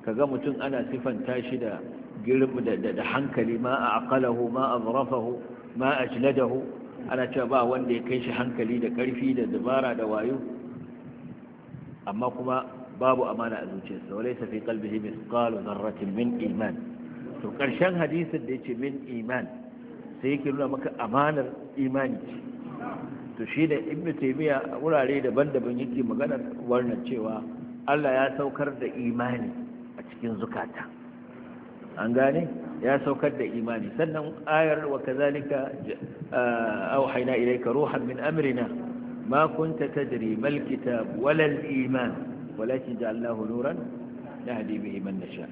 kaga mutum ana sifanta shi da da hankali ma a aqalahu ma azrafahu ma ajladahu ana cewa ba wanda ya kai shi hankali da ƙarfi da dabara da wayo amma kuma babu amana a zuciyarsa wale ta fi kalbihi misqalu zarratin min iman to karshen hadisin da yace min iman sai yake nuna maka amanar imani ce to shi da ibnu taymiya a wurare daban-daban yake maganar wannan cewa Allah ya saukar da imani a cikin zukata an gane ya saukar da imani sannan ayar wa kazalika auhayna ilayka ruhan min amrina ma kunta tadri mal kitab wala al iman walakin ja'alnahu nuran yahdi bihi man nasha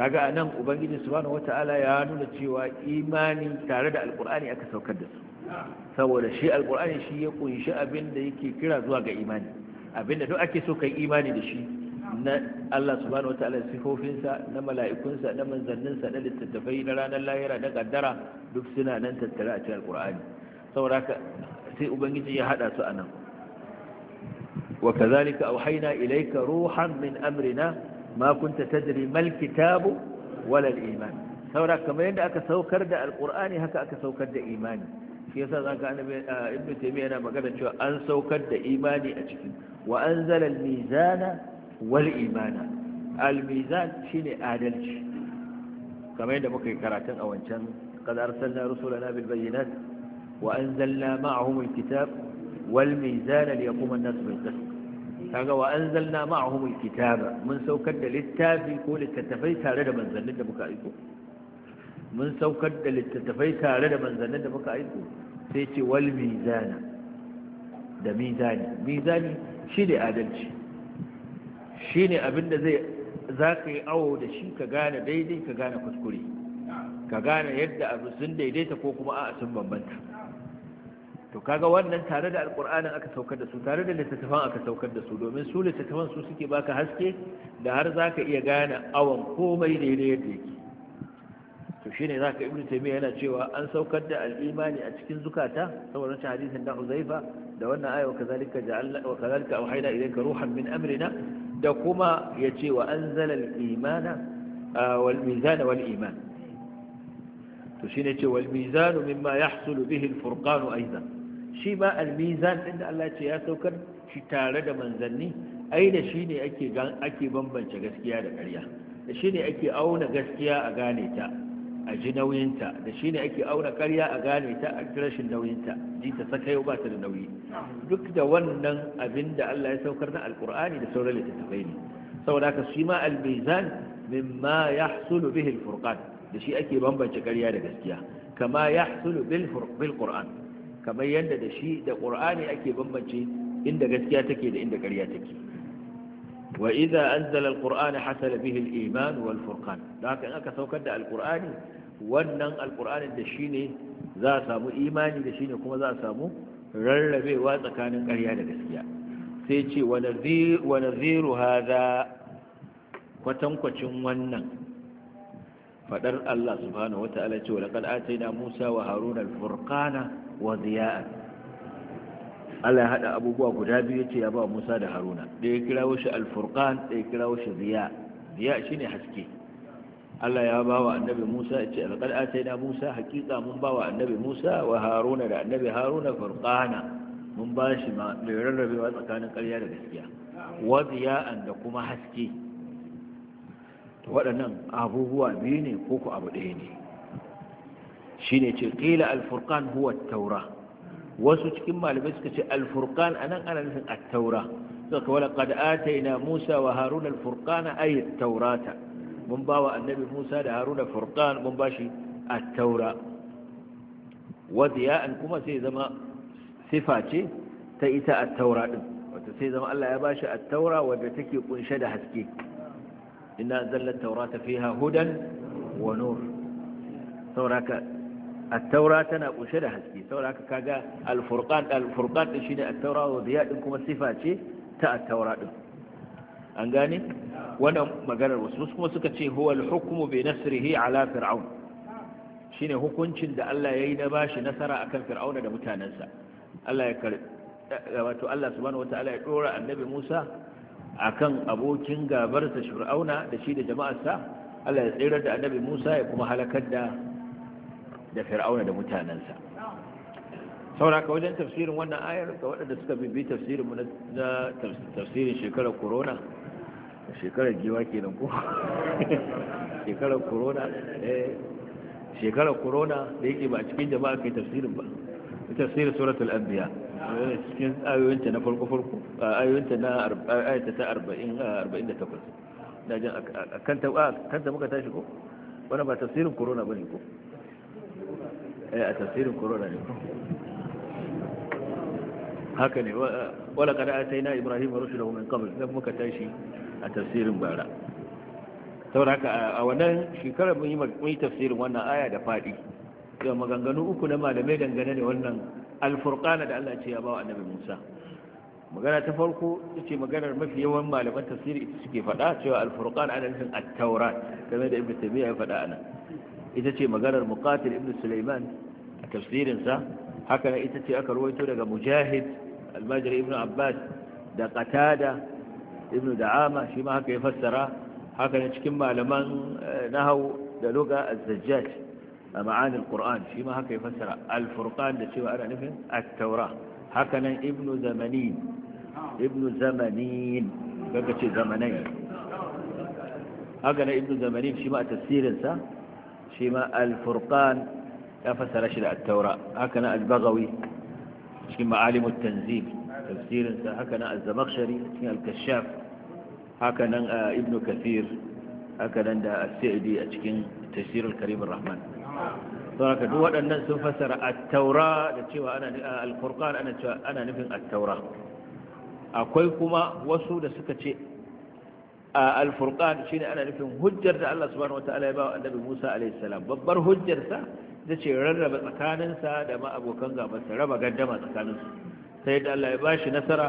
kaga anan ubangiji subhanahu wataala ya nuna cewa imani tare da alqur'ani aka saukar da su saboda shi alqur'ani shi ya kunshi abin da yake kira zuwa ga imani Abin da duk ake so kai imani da shi na Allah subhanahu wataala sifofinsa na mala'ikunsa na manzanninsa na littattafai na ranar lahira na kaddara duk suna nan tattara a cikin alqur'ani saboda sai ubangiji ya hada su anan wa kadhalika auhayna ilayka ruhan min amrina ma kunta tadri mal kitabu wala al iman saboda kamar yadda aka saukar da alqur'ani haka aka saukar da imani shi yasa zaka annabi ibnu taymiya yana magana cewa an saukar da imani a cikin wa anzala al mizana Walimana, imana al-mizan ne adalci kamar yadda muka yi karatun a wancan qad arsalna rusulana bil bayyinat wa anzalna ma'ahum al-kitab wal mizana liyaquma an-nas bil qist kaga wa anzalna ma'ahum al-kitaba mun saukar da littafi ko littattafai tare da manzannin da muka aiko mun saukar da littattafai tare da manzannin da muka aiko sai ce wal mizana da mizani mizani shi ne adalci ne abin da zai za ka yi awo da shi ka gane daidai ka gane kuskure ka gane yadda abu sun daidaita ko kuma a sun bambanta to kaga wannan tare da alkur'anin aka saukar da su tare da littattafan aka saukar da su domin su littattafan su suke baka haske da har za ka iya gane awon komai daidai yadda yake to shine za ka ibnu taymiya yana cewa an saukar da al'imani a cikin zukata saboda wancan hadisin da huzaifa da wannan ayo kazalika ja'alna wa kazalika awhayna ilayka ruhan min amrina da kuma ya ce wa an zalal imana wal iman to shi ne ce walmizanu mizanu mimma ya hasulu bihin furqanu aidan shi ma almizan? mizan Allah ce ya saukar shi tare da manzanni aina da shi ne ake bambance gaskiya da ƙarya da shi ne ake auna gaskiya a gane ta a ji nauyinta da shi ne ake auna karya a gane ta a rashin nauyinta ji ta saka yau ba ta da nauyi duk da wannan abin da Allah ya saukar na alkur'ani da sauran littattafai ne saboda haka shi ma almizan mimma yahsulu bihi alfurqan da shi ake bambance karya da gaskiya kama yahsulu bil qur'an kamar yadda da shi da qur'ani ake bambance inda gaskiya take da inda karya take wa iza anzala alqur'ana hasala bihi aliman wal furqan da haka in aka saukar da alqur'ani wannan alqur'anin da shine za a samu imani da shine kuma za a samu rarrabewa tsakanin ƙarya da gaskiya sai ce wa nadhiru hadha kwatankwacin wannan fadar Allah subhanahu Ta'ala ce wa laqad atayna Musa wa Haruna furkana furqana wa diya'an Allah ya haɗa abubuwa guda biyu ce ya ba Musa da Haruna da ya kirawo shi al-furqan da ya kirawo shi ziya ziya shine haske Allah ya ba wa annabi Musa ce yace alqad ataina Musa haqiqa mun ba wa annabi Musa wa Haruna da annabi Haruna furkana. mun ba shi ma mai rarrabewa tsakanin ƙarya da gaskiya wa ziya'an da kuma haske waɗannan abubuwa biyu ne ko ku abu ɗaya ne shine ce qila alfurkan furqan huwa taurah wasu cikin malamai suka ce alfurqan anan ana nufin at-taura suka wala qad na Musa wa Harun al-furqana ay taurata mun ba wa annabi Musa da Harun al-furqan mun bashi at-taura wadiya'an kuma sai zama sifa ce ta ita Attaura ɗin. Wata sai zama Allah ya bashi at-taura wadda take kunshe da haske Ina zallar at-taurata fiha hudan wa nur sauraka التوراة تنا قشرة حسكي سورة كاقا الفرقان الفرقان شيني التوراة وضياء كما صفات شي تا التوراة أنقاني وانا مقال الوسوس كما سكتشي هو الحكم بنصره على فرعون شيني هو كنشن دا الله يين باش نصر أكن فرعون دا متاننسا الله يكرم wato Allah subhanahu wataala ya dora annabi Musa akan abokin gabarsa Fir'auna da shi da jama'arsa Allah ya tsira da annabi Musa ya kuma halakar da da fir'auna da mutanensa sauraka wajen tafsirin wannan ayar ga waɗanda suka bibi tafsirin mu na tafsirin shekarar corona shekarar giwa kenan ko shekarar corona eh shekarar corona da yake ba cikin jama'a kai tafsirin ba tafsirin suratul anbiya eh, cikin ayoyinta na farko farko ayoyinta na ayata ta 40 48 da jin akan ta muka tashi ko wannan ba tafsirin corona bane ko Eh, a tafsirin korona ne haka ne wala kada a sai na ibrahim wa rushe da min kamar dan muka tashi a tafsirin bara saboda haka a wannan shekarar mun yi tafsirin wannan aya da fadi yau maganganu uku na malamai dangane ne wannan alfurkana da Allah ce ya bawa annabi Musa magana ta farko ita ce maganar mafi yawan malaman tafsiri ita suke faɗa cewa alfurqan ana nufin at-taurat kamar da ibnu taymiya ya faɗa anan ita ce maganar muqatil ibn sulaiman a tafsirinsa haka nan ita ce aka ruwaito daga mujahid almajir ibn abbas da qatada ibn da'ama shi ma haka ya fassara haka ne cikin malaman nahau da luga az-zajjaj a ma'anin qur'an shi ma haka ya fassara al-furqan da cewa ana nufin at-taura haka nan ibn zamanin ibn zamanin kaga ce zamanai haka nan ibn zamanin shi ma a tafsirinsa shi ma al-furqan ya fassara shi a cikin tafsir taura nufin akwai kuma wasu da suka ce al-furqan shine ana nufin hujjar da Allah subhanahu wataala ya ba annabi Musa alayhi salam babbar hujjar sa da ce rarraba tsakanin sa da ma abokan gaban sa raba gaddama tsakanin su sai da Allah ya bashi nasara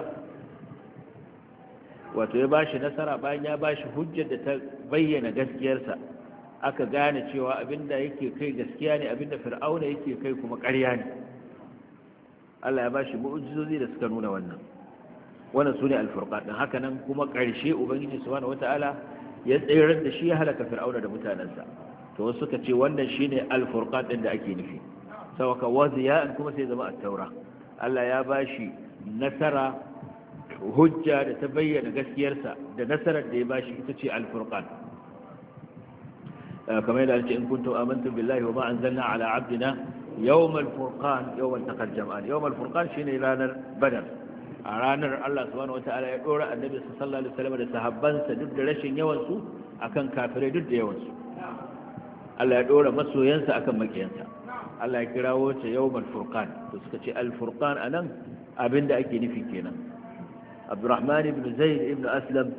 wato ya bashi nasara bayan ya bashi hujjar da ta bayyana gaskiyar sa aka gane cewa abinda yake kai gaskiya ne abinda fir'auna yake kai kuma ƙarya ne Allah ya bashi mu'jizozi da suka nuna wannan wannan su ne furqan ɗin haka nan kuma karshe ubangiji subhanahu wataala ya tsirar da shi ya halaka fir'auna da mutanensa. to suka ce wannan shi ne furqan ɗin da ake nufi sawaka waziya'an kuma sai zama a taura Allah ya bashi nasara hujja da ta bayyana gaskiyarsa da nasarar da ya bashi ita ce al-furqan ah, kamar yadda ake in kuntum amantum billahi wa ma anzalna ala abdina yawm furqan yawm al-taqal furqan shine ranar badar a ranar Allah subhanahu wata'ala ya dora annabi sallallahu alaihi wasallam da sahabbansa duk da rashin yawan su akan kafirai duk da yawan su Allah ya dora masoyansa akan makiyansa Allah ya kirawo ta yawmal furqan to suka ce al furqan anan abinda ake nufi kenan Abdurrahman ibn Zaid ibn Aslam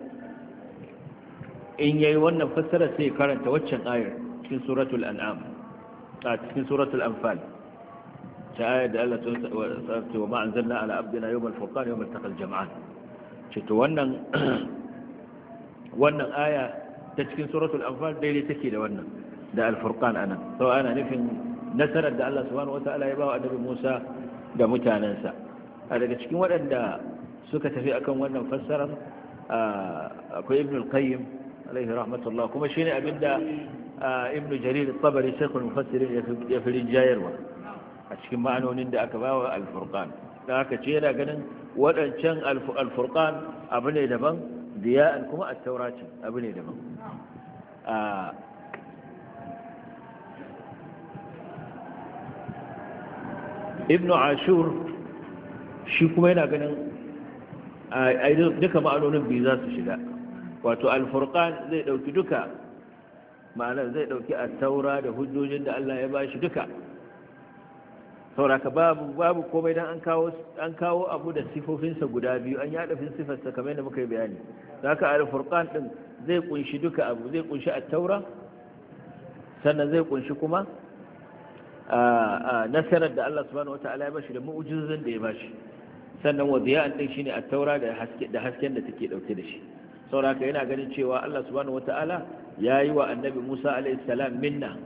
in yayi wannan fassara sai karanta waccan ayar cikin suratul an'am a cikin suratul anfal ta ayar da Allah ta ce wa ma anzalna ala abdina yawmal furqan yawmal taqal jam'an ce wannan aya ta cikin suratul anfal daidai take da wannan da alfurkan furqan anan to ana nufin nasarar da Allah subhanahu wataala ya bawa annabi Musa da mutanansa a daga cikin waɗanda suka tafi akan wannan fassarar akwai ibn al-qayyim alaihi rahmatullah kuma shine abinda ibn jarir at-tabari shaykh mufassirin ya fi rinjayarwa a cikin ma'anonin da aka bawa alfurkan, da aka ce yana ganin waɗancan alfurkan abu ne daban diya kuma a taura ce abu ne daban ibnu ashur shi kuma yana ganin duka ma'anonin biyu za su shiga wato alfurkan zai ɗauki duka ma'anar zai ɗauki a taura da hujjojin da Allah ya ba shi duka sauraka babu babu komai dan an kawo an kawo abu da sifofinsa guda biyu an yada fin sifarsa kamar yadda muka yi bayani zaka al-furqan din zai kunshi duka abu zai kunshi at-taura sannan zai kunshi kuma nasarar da Allah subhanahu wataala ya bashi da mu'jizan da ya bashi sannan wadiya'an din shine at-taura da haske da hasken da take dauke da shi sauraka yana ganin cewa Allah subhanahu wataala yayi wa annabi Musa alaihi salam minna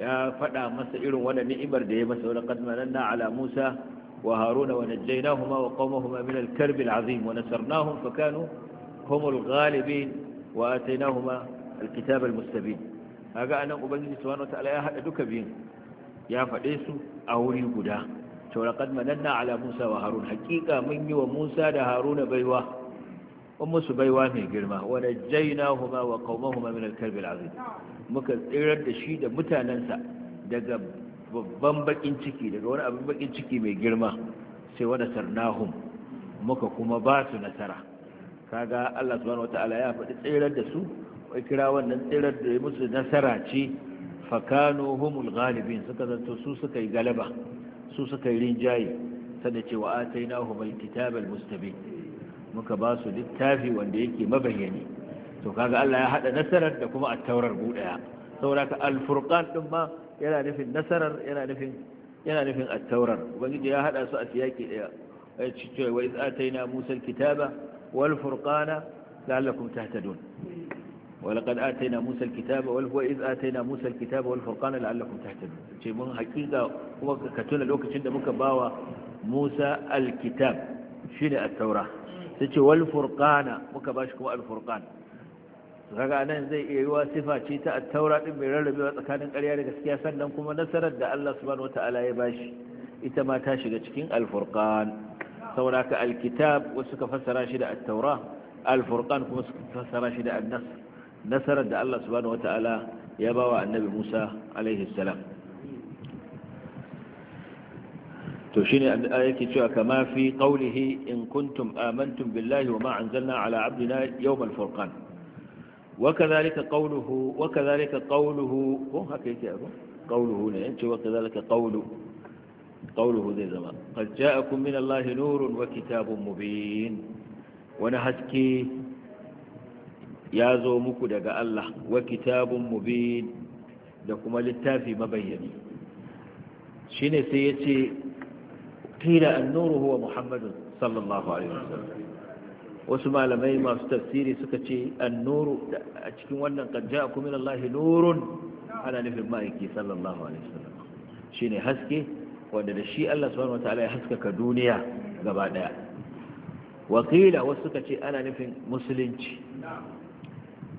ya faɗa masa irin wani ni'imar da ya masa wani kadmanan na ala musa wa haruna wa najjaynahuma wa qaumahuma min al-karb al-azim wa nasarnahum fa kanu hum al-ghalibin wa atainahuma al-kitab al-mustabin kaga anan ubangiji subhanahu wata ala ya hada duka biyun ya faɗe su a wuri guda to laqad mananna ala musa wa harun haqiqa mun yi wa musa da haruna baiwa in musu baiwa mai girma wa jai wa qaumahuma min al-karbi al muka tsirar da shi da mutanensa daga babban bakin ciki daga wani abin bakin ciki mai girma sai wa nasarnahum muka kuma ba su nasara kaga Allah subhanahu ya faɗi tsirar da su wai kira wannan tsirar da musu nasara ce fakano humul galibin suka zanto su suka yi galaba su suka yi rinjaye sannan cewa atainahumul kitabal mustabin muka ba su littafi wanda yake mabayyani to kaga Allah ya hada nasarar da kuma attaurar gudaya saboda ka alfurqan din ma yana nufin nasarar yana nufin yana nufin attaurar ubangiji ya hada su a siyaki daya ai cewa wa iz ataina musa alkitaba wal furqana la'allakum tahtadun ولقد kitaba موسى الكتاب وإذ آتينا موسى الكتاب والفرقان لعلكم تهتدون شيء من حقيقة كتونا لوكتين دا مكباوة موسى الكتاب شين التوراة Su ce walfurkana, furqana muka bashi kuma alfurkan. Raga nan zai iya yi wa sifa ce ta a taura ɗin mai rarrabewa tsakanin ƙarya da gaskiya sannan kuma nasarar da Allah subhanahu wataala ya bashi ita ma ta shiga cikin alfurkan. furqan saboda ka al kitab wasu suka fassara shi da at-taura al furqan kuma suka fassara shi da annas. nasarar da Allah subhanahu wataala ya bawa annabi Musa alaihi salam to shine yake cewa kama fi qawlihi in kuntu amantum billahi wa ma anzalna ala abdina yawmal furqan wa kadhalika qawluhu wa kadhalika zai zama qad ja'akum min allahi nurun wa kitabun mubin wani haske ya zo muku daga Allah wa kitabun mubin da kuma littafi mabayyani shine sai yace kila annuru huwa muhammadun sallallahu alaihi wasallam wasu malamai masu tafsiri suka ce annuru a cikin wannan kanja kuma lallahi nurun ana nufin ma'aiki sallallahu alaihi wasallam shine haske wanda da shi Allah subhanahu ta'ala ya haskaka duniya gaba daya wakila wasu suka ce ana nufin musulunci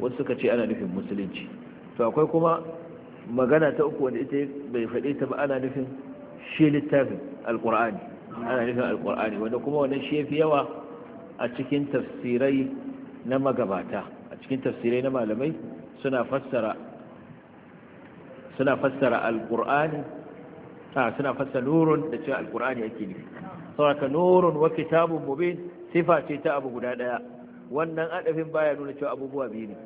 wasu suka ce ana nufin musulunci to akwai kuma magana ta uku wanda ita bai faɗe ta ba ana nufin shi littafin alkur'ani ana nufin alkur'ani wanda kuma wannan shi yafi yawa a cikin tafsirai na magabata a cikin tafsirai na malamai suna fassara suna fassara alkur'ani a suna fassara nurun da cewa alkur'ani yake ne saboda nurun wa kitabun mubin sifa ce ta abu guda daya wannan adafin baya nuna cewa abubuwa biyu ne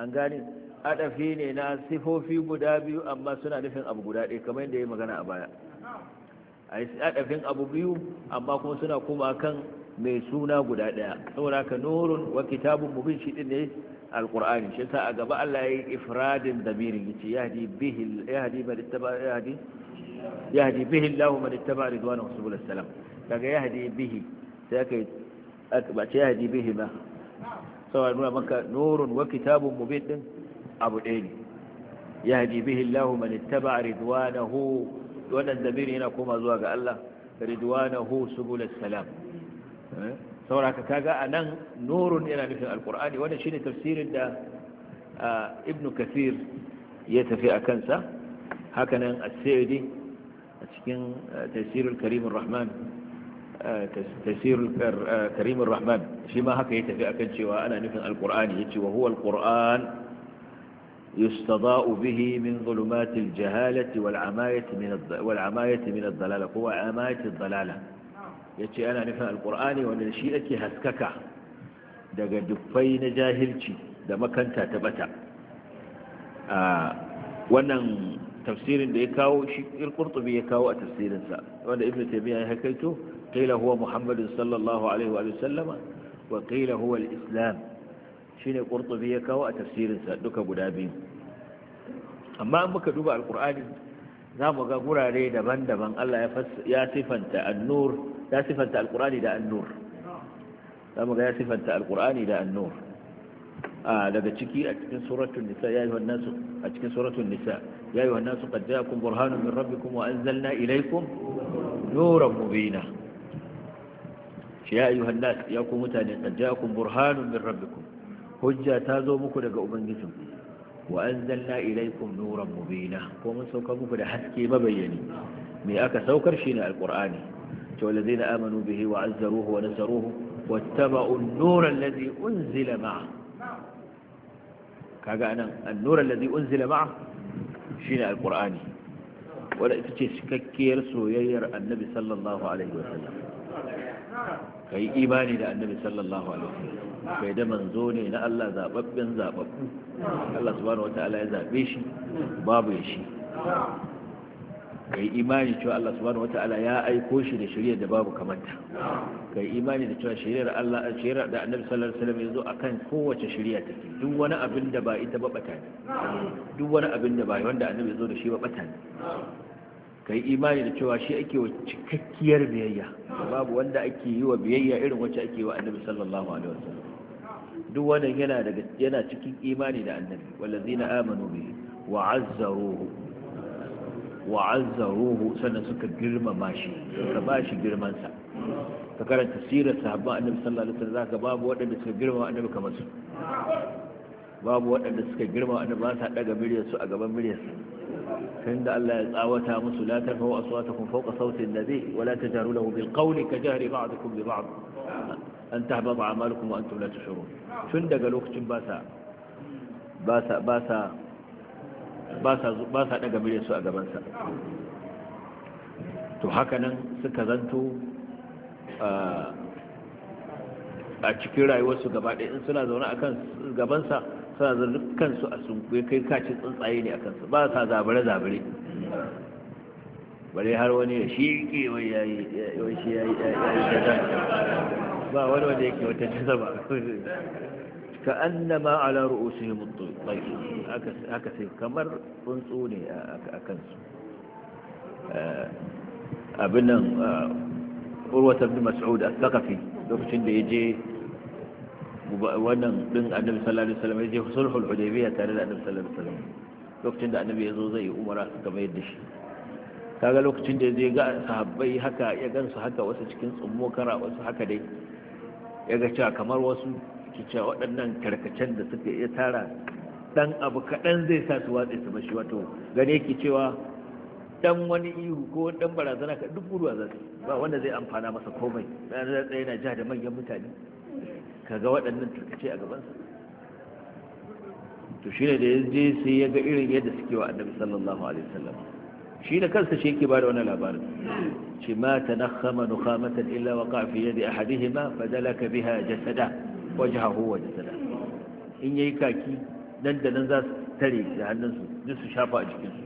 an gane adafi ne na sifofi guda biyu amma suna nufin abu guda ɗaya kamar yadda ya magana a baya a yi adafin abu biyu amma kuma suna kuma kan mai suna guda daya saboda ka nurun wa kitabun mubin shi din ne alqur'ani shi yasa a gaba Allah yayi ifradin damirin yace yahdi bihi yahdi man ittaba yahdi yahdi bihi Allah man ittaba ridwanahu subul salam kaga yahdi bihi sai kai ba ce yahdi bihi ba saboda nuna maka nurun wa kitabun mubin ɗin abu ɗaya ne yahdi bihi Allah man ittaba ridwanahu wannan zamiri yana koma zuwa ga Allah ridwana hu subul salam eh? sauraka kaga anan nurun yana nufin alqur'ani wannan shine tafsirin da ibn kathir ya tafi a kansa hakanan as-sayyidi a cikin eh, tafsirul karimur rahman eh, tafsirul rahman shi ma haka ya tafi akan cewa ana nufin alqur'ani yace wa huwa alqur'an يستضاء به من ظلمات الجهالة والعماية من والعماية من الضلالة هو عماية الضلالة يتي أنا نفهم القرآن وأن شيئك na دقى دفين جاهلتي دمك أنت تبتع wannan tafsirin da ya kawo shi al ya kawo a tafsirin sa wanda ibnu taymiya ya hakaito qila huwa muhammadin sallallahu wa islam shine qurtubi ya kawo a tafsirin sa duka guda biyu amma in muka duba alqur'ani zamu ga gurare daban-daban Allah ya sifanta an-nur ya sifanta alqur'ani da an-nur zamu ga ya sifanta alqur'ani da an-nur daga ciki a cikin suratul nisa ya ayyuhan nasu a cikin suratul nisa ya ayyuhan nasu qad ja'akum burhanun min rabbikum wa anzalna ilaykum nuran mubina ya ayyuhan nas ya ku mutane qad ja'akum burhanun min rabbikum hujja ta zo muku daga ubangijin wa anzalna ilaykum nuran mubina ko mun saukar muku da haske mabayyani me aka saukar shine alqur'ani to allazina amanu bihi wa azzaruhu wa nasaruhu wattaba'u an-nura alladhi unzila ma'a kaga anan an-nura alladhi unzila ma'a shine alqur'ani wanda ita ce cikakkiyar soyayyar annabi sallallahu alaihi wa sallam. ka yi imani da annabi sallallahu alaihi wasallam kai da manzo ne na Allah zababben zababbu Allah subhanahu wataala ya zabe shi babu ya shi kai imani cewa Allah subhanahu wataala ya aiko shi da shari'a da babu kamanta kai imani da cewa shari'ar Allah a shari'ar da Annabi sallallahu alaihi wasallam yazo akan kowace shari'a take duk wani abin da ba ita ba bata ne duk wani abin da ba wanda Annabi yazo da shi ba bata ne ka yi imani da cewa shi ake wa cikakkiyar biyayya babu wanda ake yi wa biyayya irin wacce ake wa annabi sallallahu alaihi wasallam duk wannan yana daga yana cikin imani da annabi wallazina amanu bi wa azzaruhu wa azzaruhu sannan suka girmama shi suka ba shi girman sa ka karanta sirar sahabban annabi sallallahu alaihi wasallam zaka babu wadanda suka girmama annabi kamar su babu wadanda suka girmama annabi ba sa daga miryar su a gaban miryar kafin da Allah ya tsawata musu la tarfa'u aswatakum fawqa sawti an-nabi wa la tajharu lahu bil qawli ka jahri ba'dukum li ba'd an tahbata a'malukum wa antum la tashurun tun daga lokacin ba sa ba sa daga mire su a gaban to haka nan suka zanto a cikin rayuwarsu gabaɗaya, in suna zaune akan gaban sa suna zan dukkansu a sunkuye kai kaci tsuntsaye ne a kansu ba sa zabare-zabare bare har wani ya shi ke wai ya yi ba wani wanda yake wata jaza ba ka annama ala ru'usi mutu haka sai kamar tsuntsu ne a kansu eh, abin nan eh, urwatar mas'ud al-thaqafi lokacin da ya je wannan din annabi sallallahu alaihi wasallam ya je sulhul hudaybiyya tare da annabi sallallahu alaihi wasallam lokacin da annabi ya zo zai yi umara suka mayar da shi kaga lokacin da zai ga sahabbai haka ya gansu haka wasu cikin tsummo kara wasu haka dai ya ga cewa kamar wasu cewa waɗannan karkacen da suka iya tara dan abu kaɗan zai sa su watsa su bashi wato gane ki cewa dan wani ihu ko dan barazana ka duk gudu za ba wanda zai amfana masa komai ɗaya na ja da manyan mutane ka ga waɗannan tarkace a gabansa to shi ne da ya je sai ya ga irin yadda suke wa annabi sallallahu alaihi wasallam shi da kansa shi yake bada wannan labarin ce ma tanakhama nukhamatan illa waqa fi yadi ahadihima fadalaka biha jasada wajhahu wa jasada in yayi kaki nan da nan za su tare da hannunsu duk su shafa a jikinsu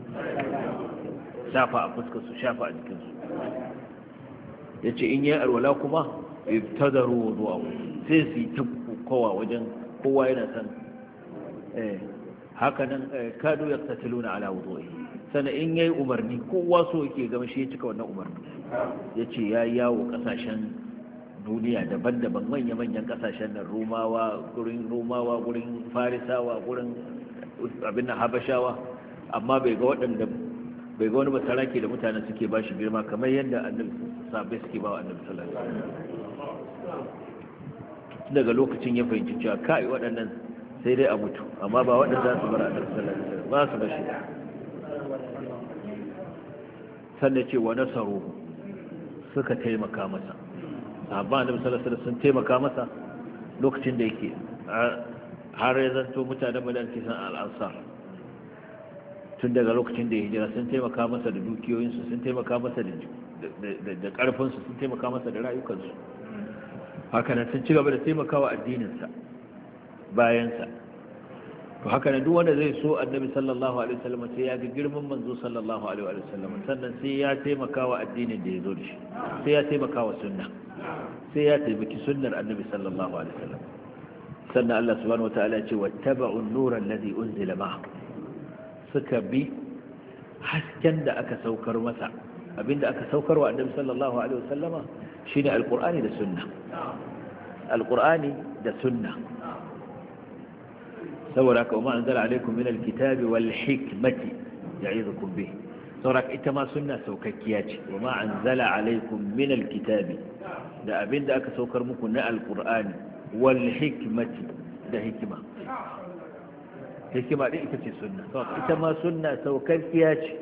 shafa a fuskar su shafa a jikinsu yace in yayi alwala kuma ibtadaru wudu'ahu sai su yi ta kowa wajen kowa yana san eh, haka nan eh, kado ya luna ala wudu'i sana in ya yi umarni kowa so yake gama shi ya cika wannan umarni ya ce ya yawo kasashen duniya daban-daban manya-manyan kasashen na romawa gurin romawa gurin farisawa gurin abin na habashawa amma bai ga waɗanda bai ga wani basarake da mutane suke ba shi girma kamar yadda annabi sabai suke ba wa annabi sallallahu alaihi wasallam daga lokacin ya fahimci cewa kai waɗannan sai dai a mutu amma ba waɗanda za su bar annabi sallallahu alaihi wasallam ba su bashi sannan cewa wa nasaru suka taimaka masa amma annabi sallallahu alaihi wasallam sun taimaka masa lokacin da yake har ya zanto mutanen ke kisan al'ansar tun daga lokacin da ya hijira sun taimaka masa da dukiyoyinsu sun taimaka masa da ƙarfinsu sun taimaka masa da rayukansu hakanan sun ci gaba da taimakawa addininsa bayansa to hakanan duk wanda zai so annabi sallallahu alaihi wasallam sai ya ga girman manzo sallallahu alaihi wasallam sannan sai ya taimakawa addinin da ya zo da shi sai ya taimakawa sunna sai ya taimaki sunnar annabi sallallahu alaihi wasallam sannan Allah subhanahu wataala ya ce wattaba'u an-nura alladhi unzila ma'ahu suka bi hasken da aka saukar masa abinda aka saukar wa annabi sallallahu alaihi wasallama shine alqur'ani da sunna alqur'ani da sunna saboda ka umma anzala alaikum min alkitabi wal hikmati ya'idukum bih saboda ita ma sunna saukakkiya ce wa ma anzala alaikum min alkitabi da abinda aka saukar muku na alqur'ani wal hikmati da hikima hikima din ita ce sunna ita ma sunna saukakkiya ce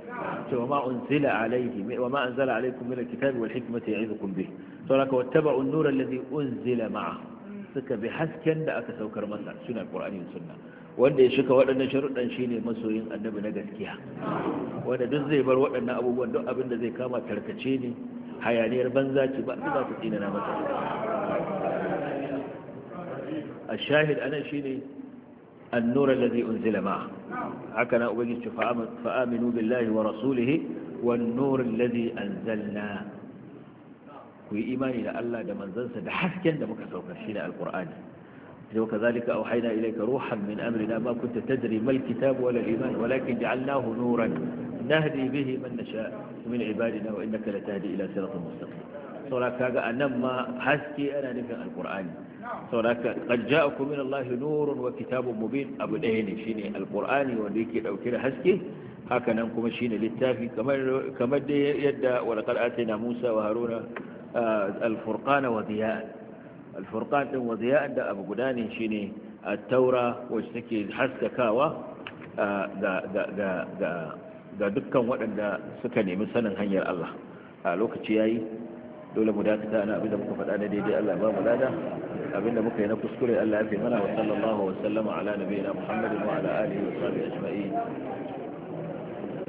ce wa ma unzila alaihi wa ma anzala alaikum min alkitabi wal hikmati ya'idukum bih فراك واتبعوا النور الذي أنزل معه فك بحسكا دعك سوكر مسع سنة القرآن والسنة وأن يشك وأن شرط أن شيني مسوين أن نبي نجد كيها وأن دزي بل وأن أبو بوان دعب أن ذي كاما تركتشيني حياني البنزات بعد ما تتين أنا مسع الشاهد أنا شيني النور الذي أنزل معه عكنا أبيك فآمنوا بالله ورسوله والنور الذي أنزلناه ku yi imani da Allah da manzansa da hasken da muka saukar shi ne alqur'ani to kazalika auhayna ilaika ruhan min amrina ma kunta tadri mal kitab wala iman walakin ja'alnahu nuran nahdi bihi man nasha min ibadina wa innaka latahdi ila siratin mustaqim saboda kaga anan ma haske ana nufin alkur'ani saboda qad ja'akum min Allah nurun wa kitabun mubin abu ɗaya ne shine alkur'ani wanda yake dauke da haske hakanan kuma shi ne littafi kamar da yadda walakar na musa wa haruna alfurkana wa ziya'an alfurkan din wa ziya'an da abu guda ne shine a taura wacce take haskakawa ga dukkan waɗanda suka nemi sanin hanyar Allah a lokaci yayi dole mu dakata ana abinda muka faɗa na daidai Allah ba mu lada abinda muka yi na kuskure Allah ya fi mana wa sallallahu wa sallama ala nabiyina Muhammadin wa ala alihi wa sahbihi ajma'in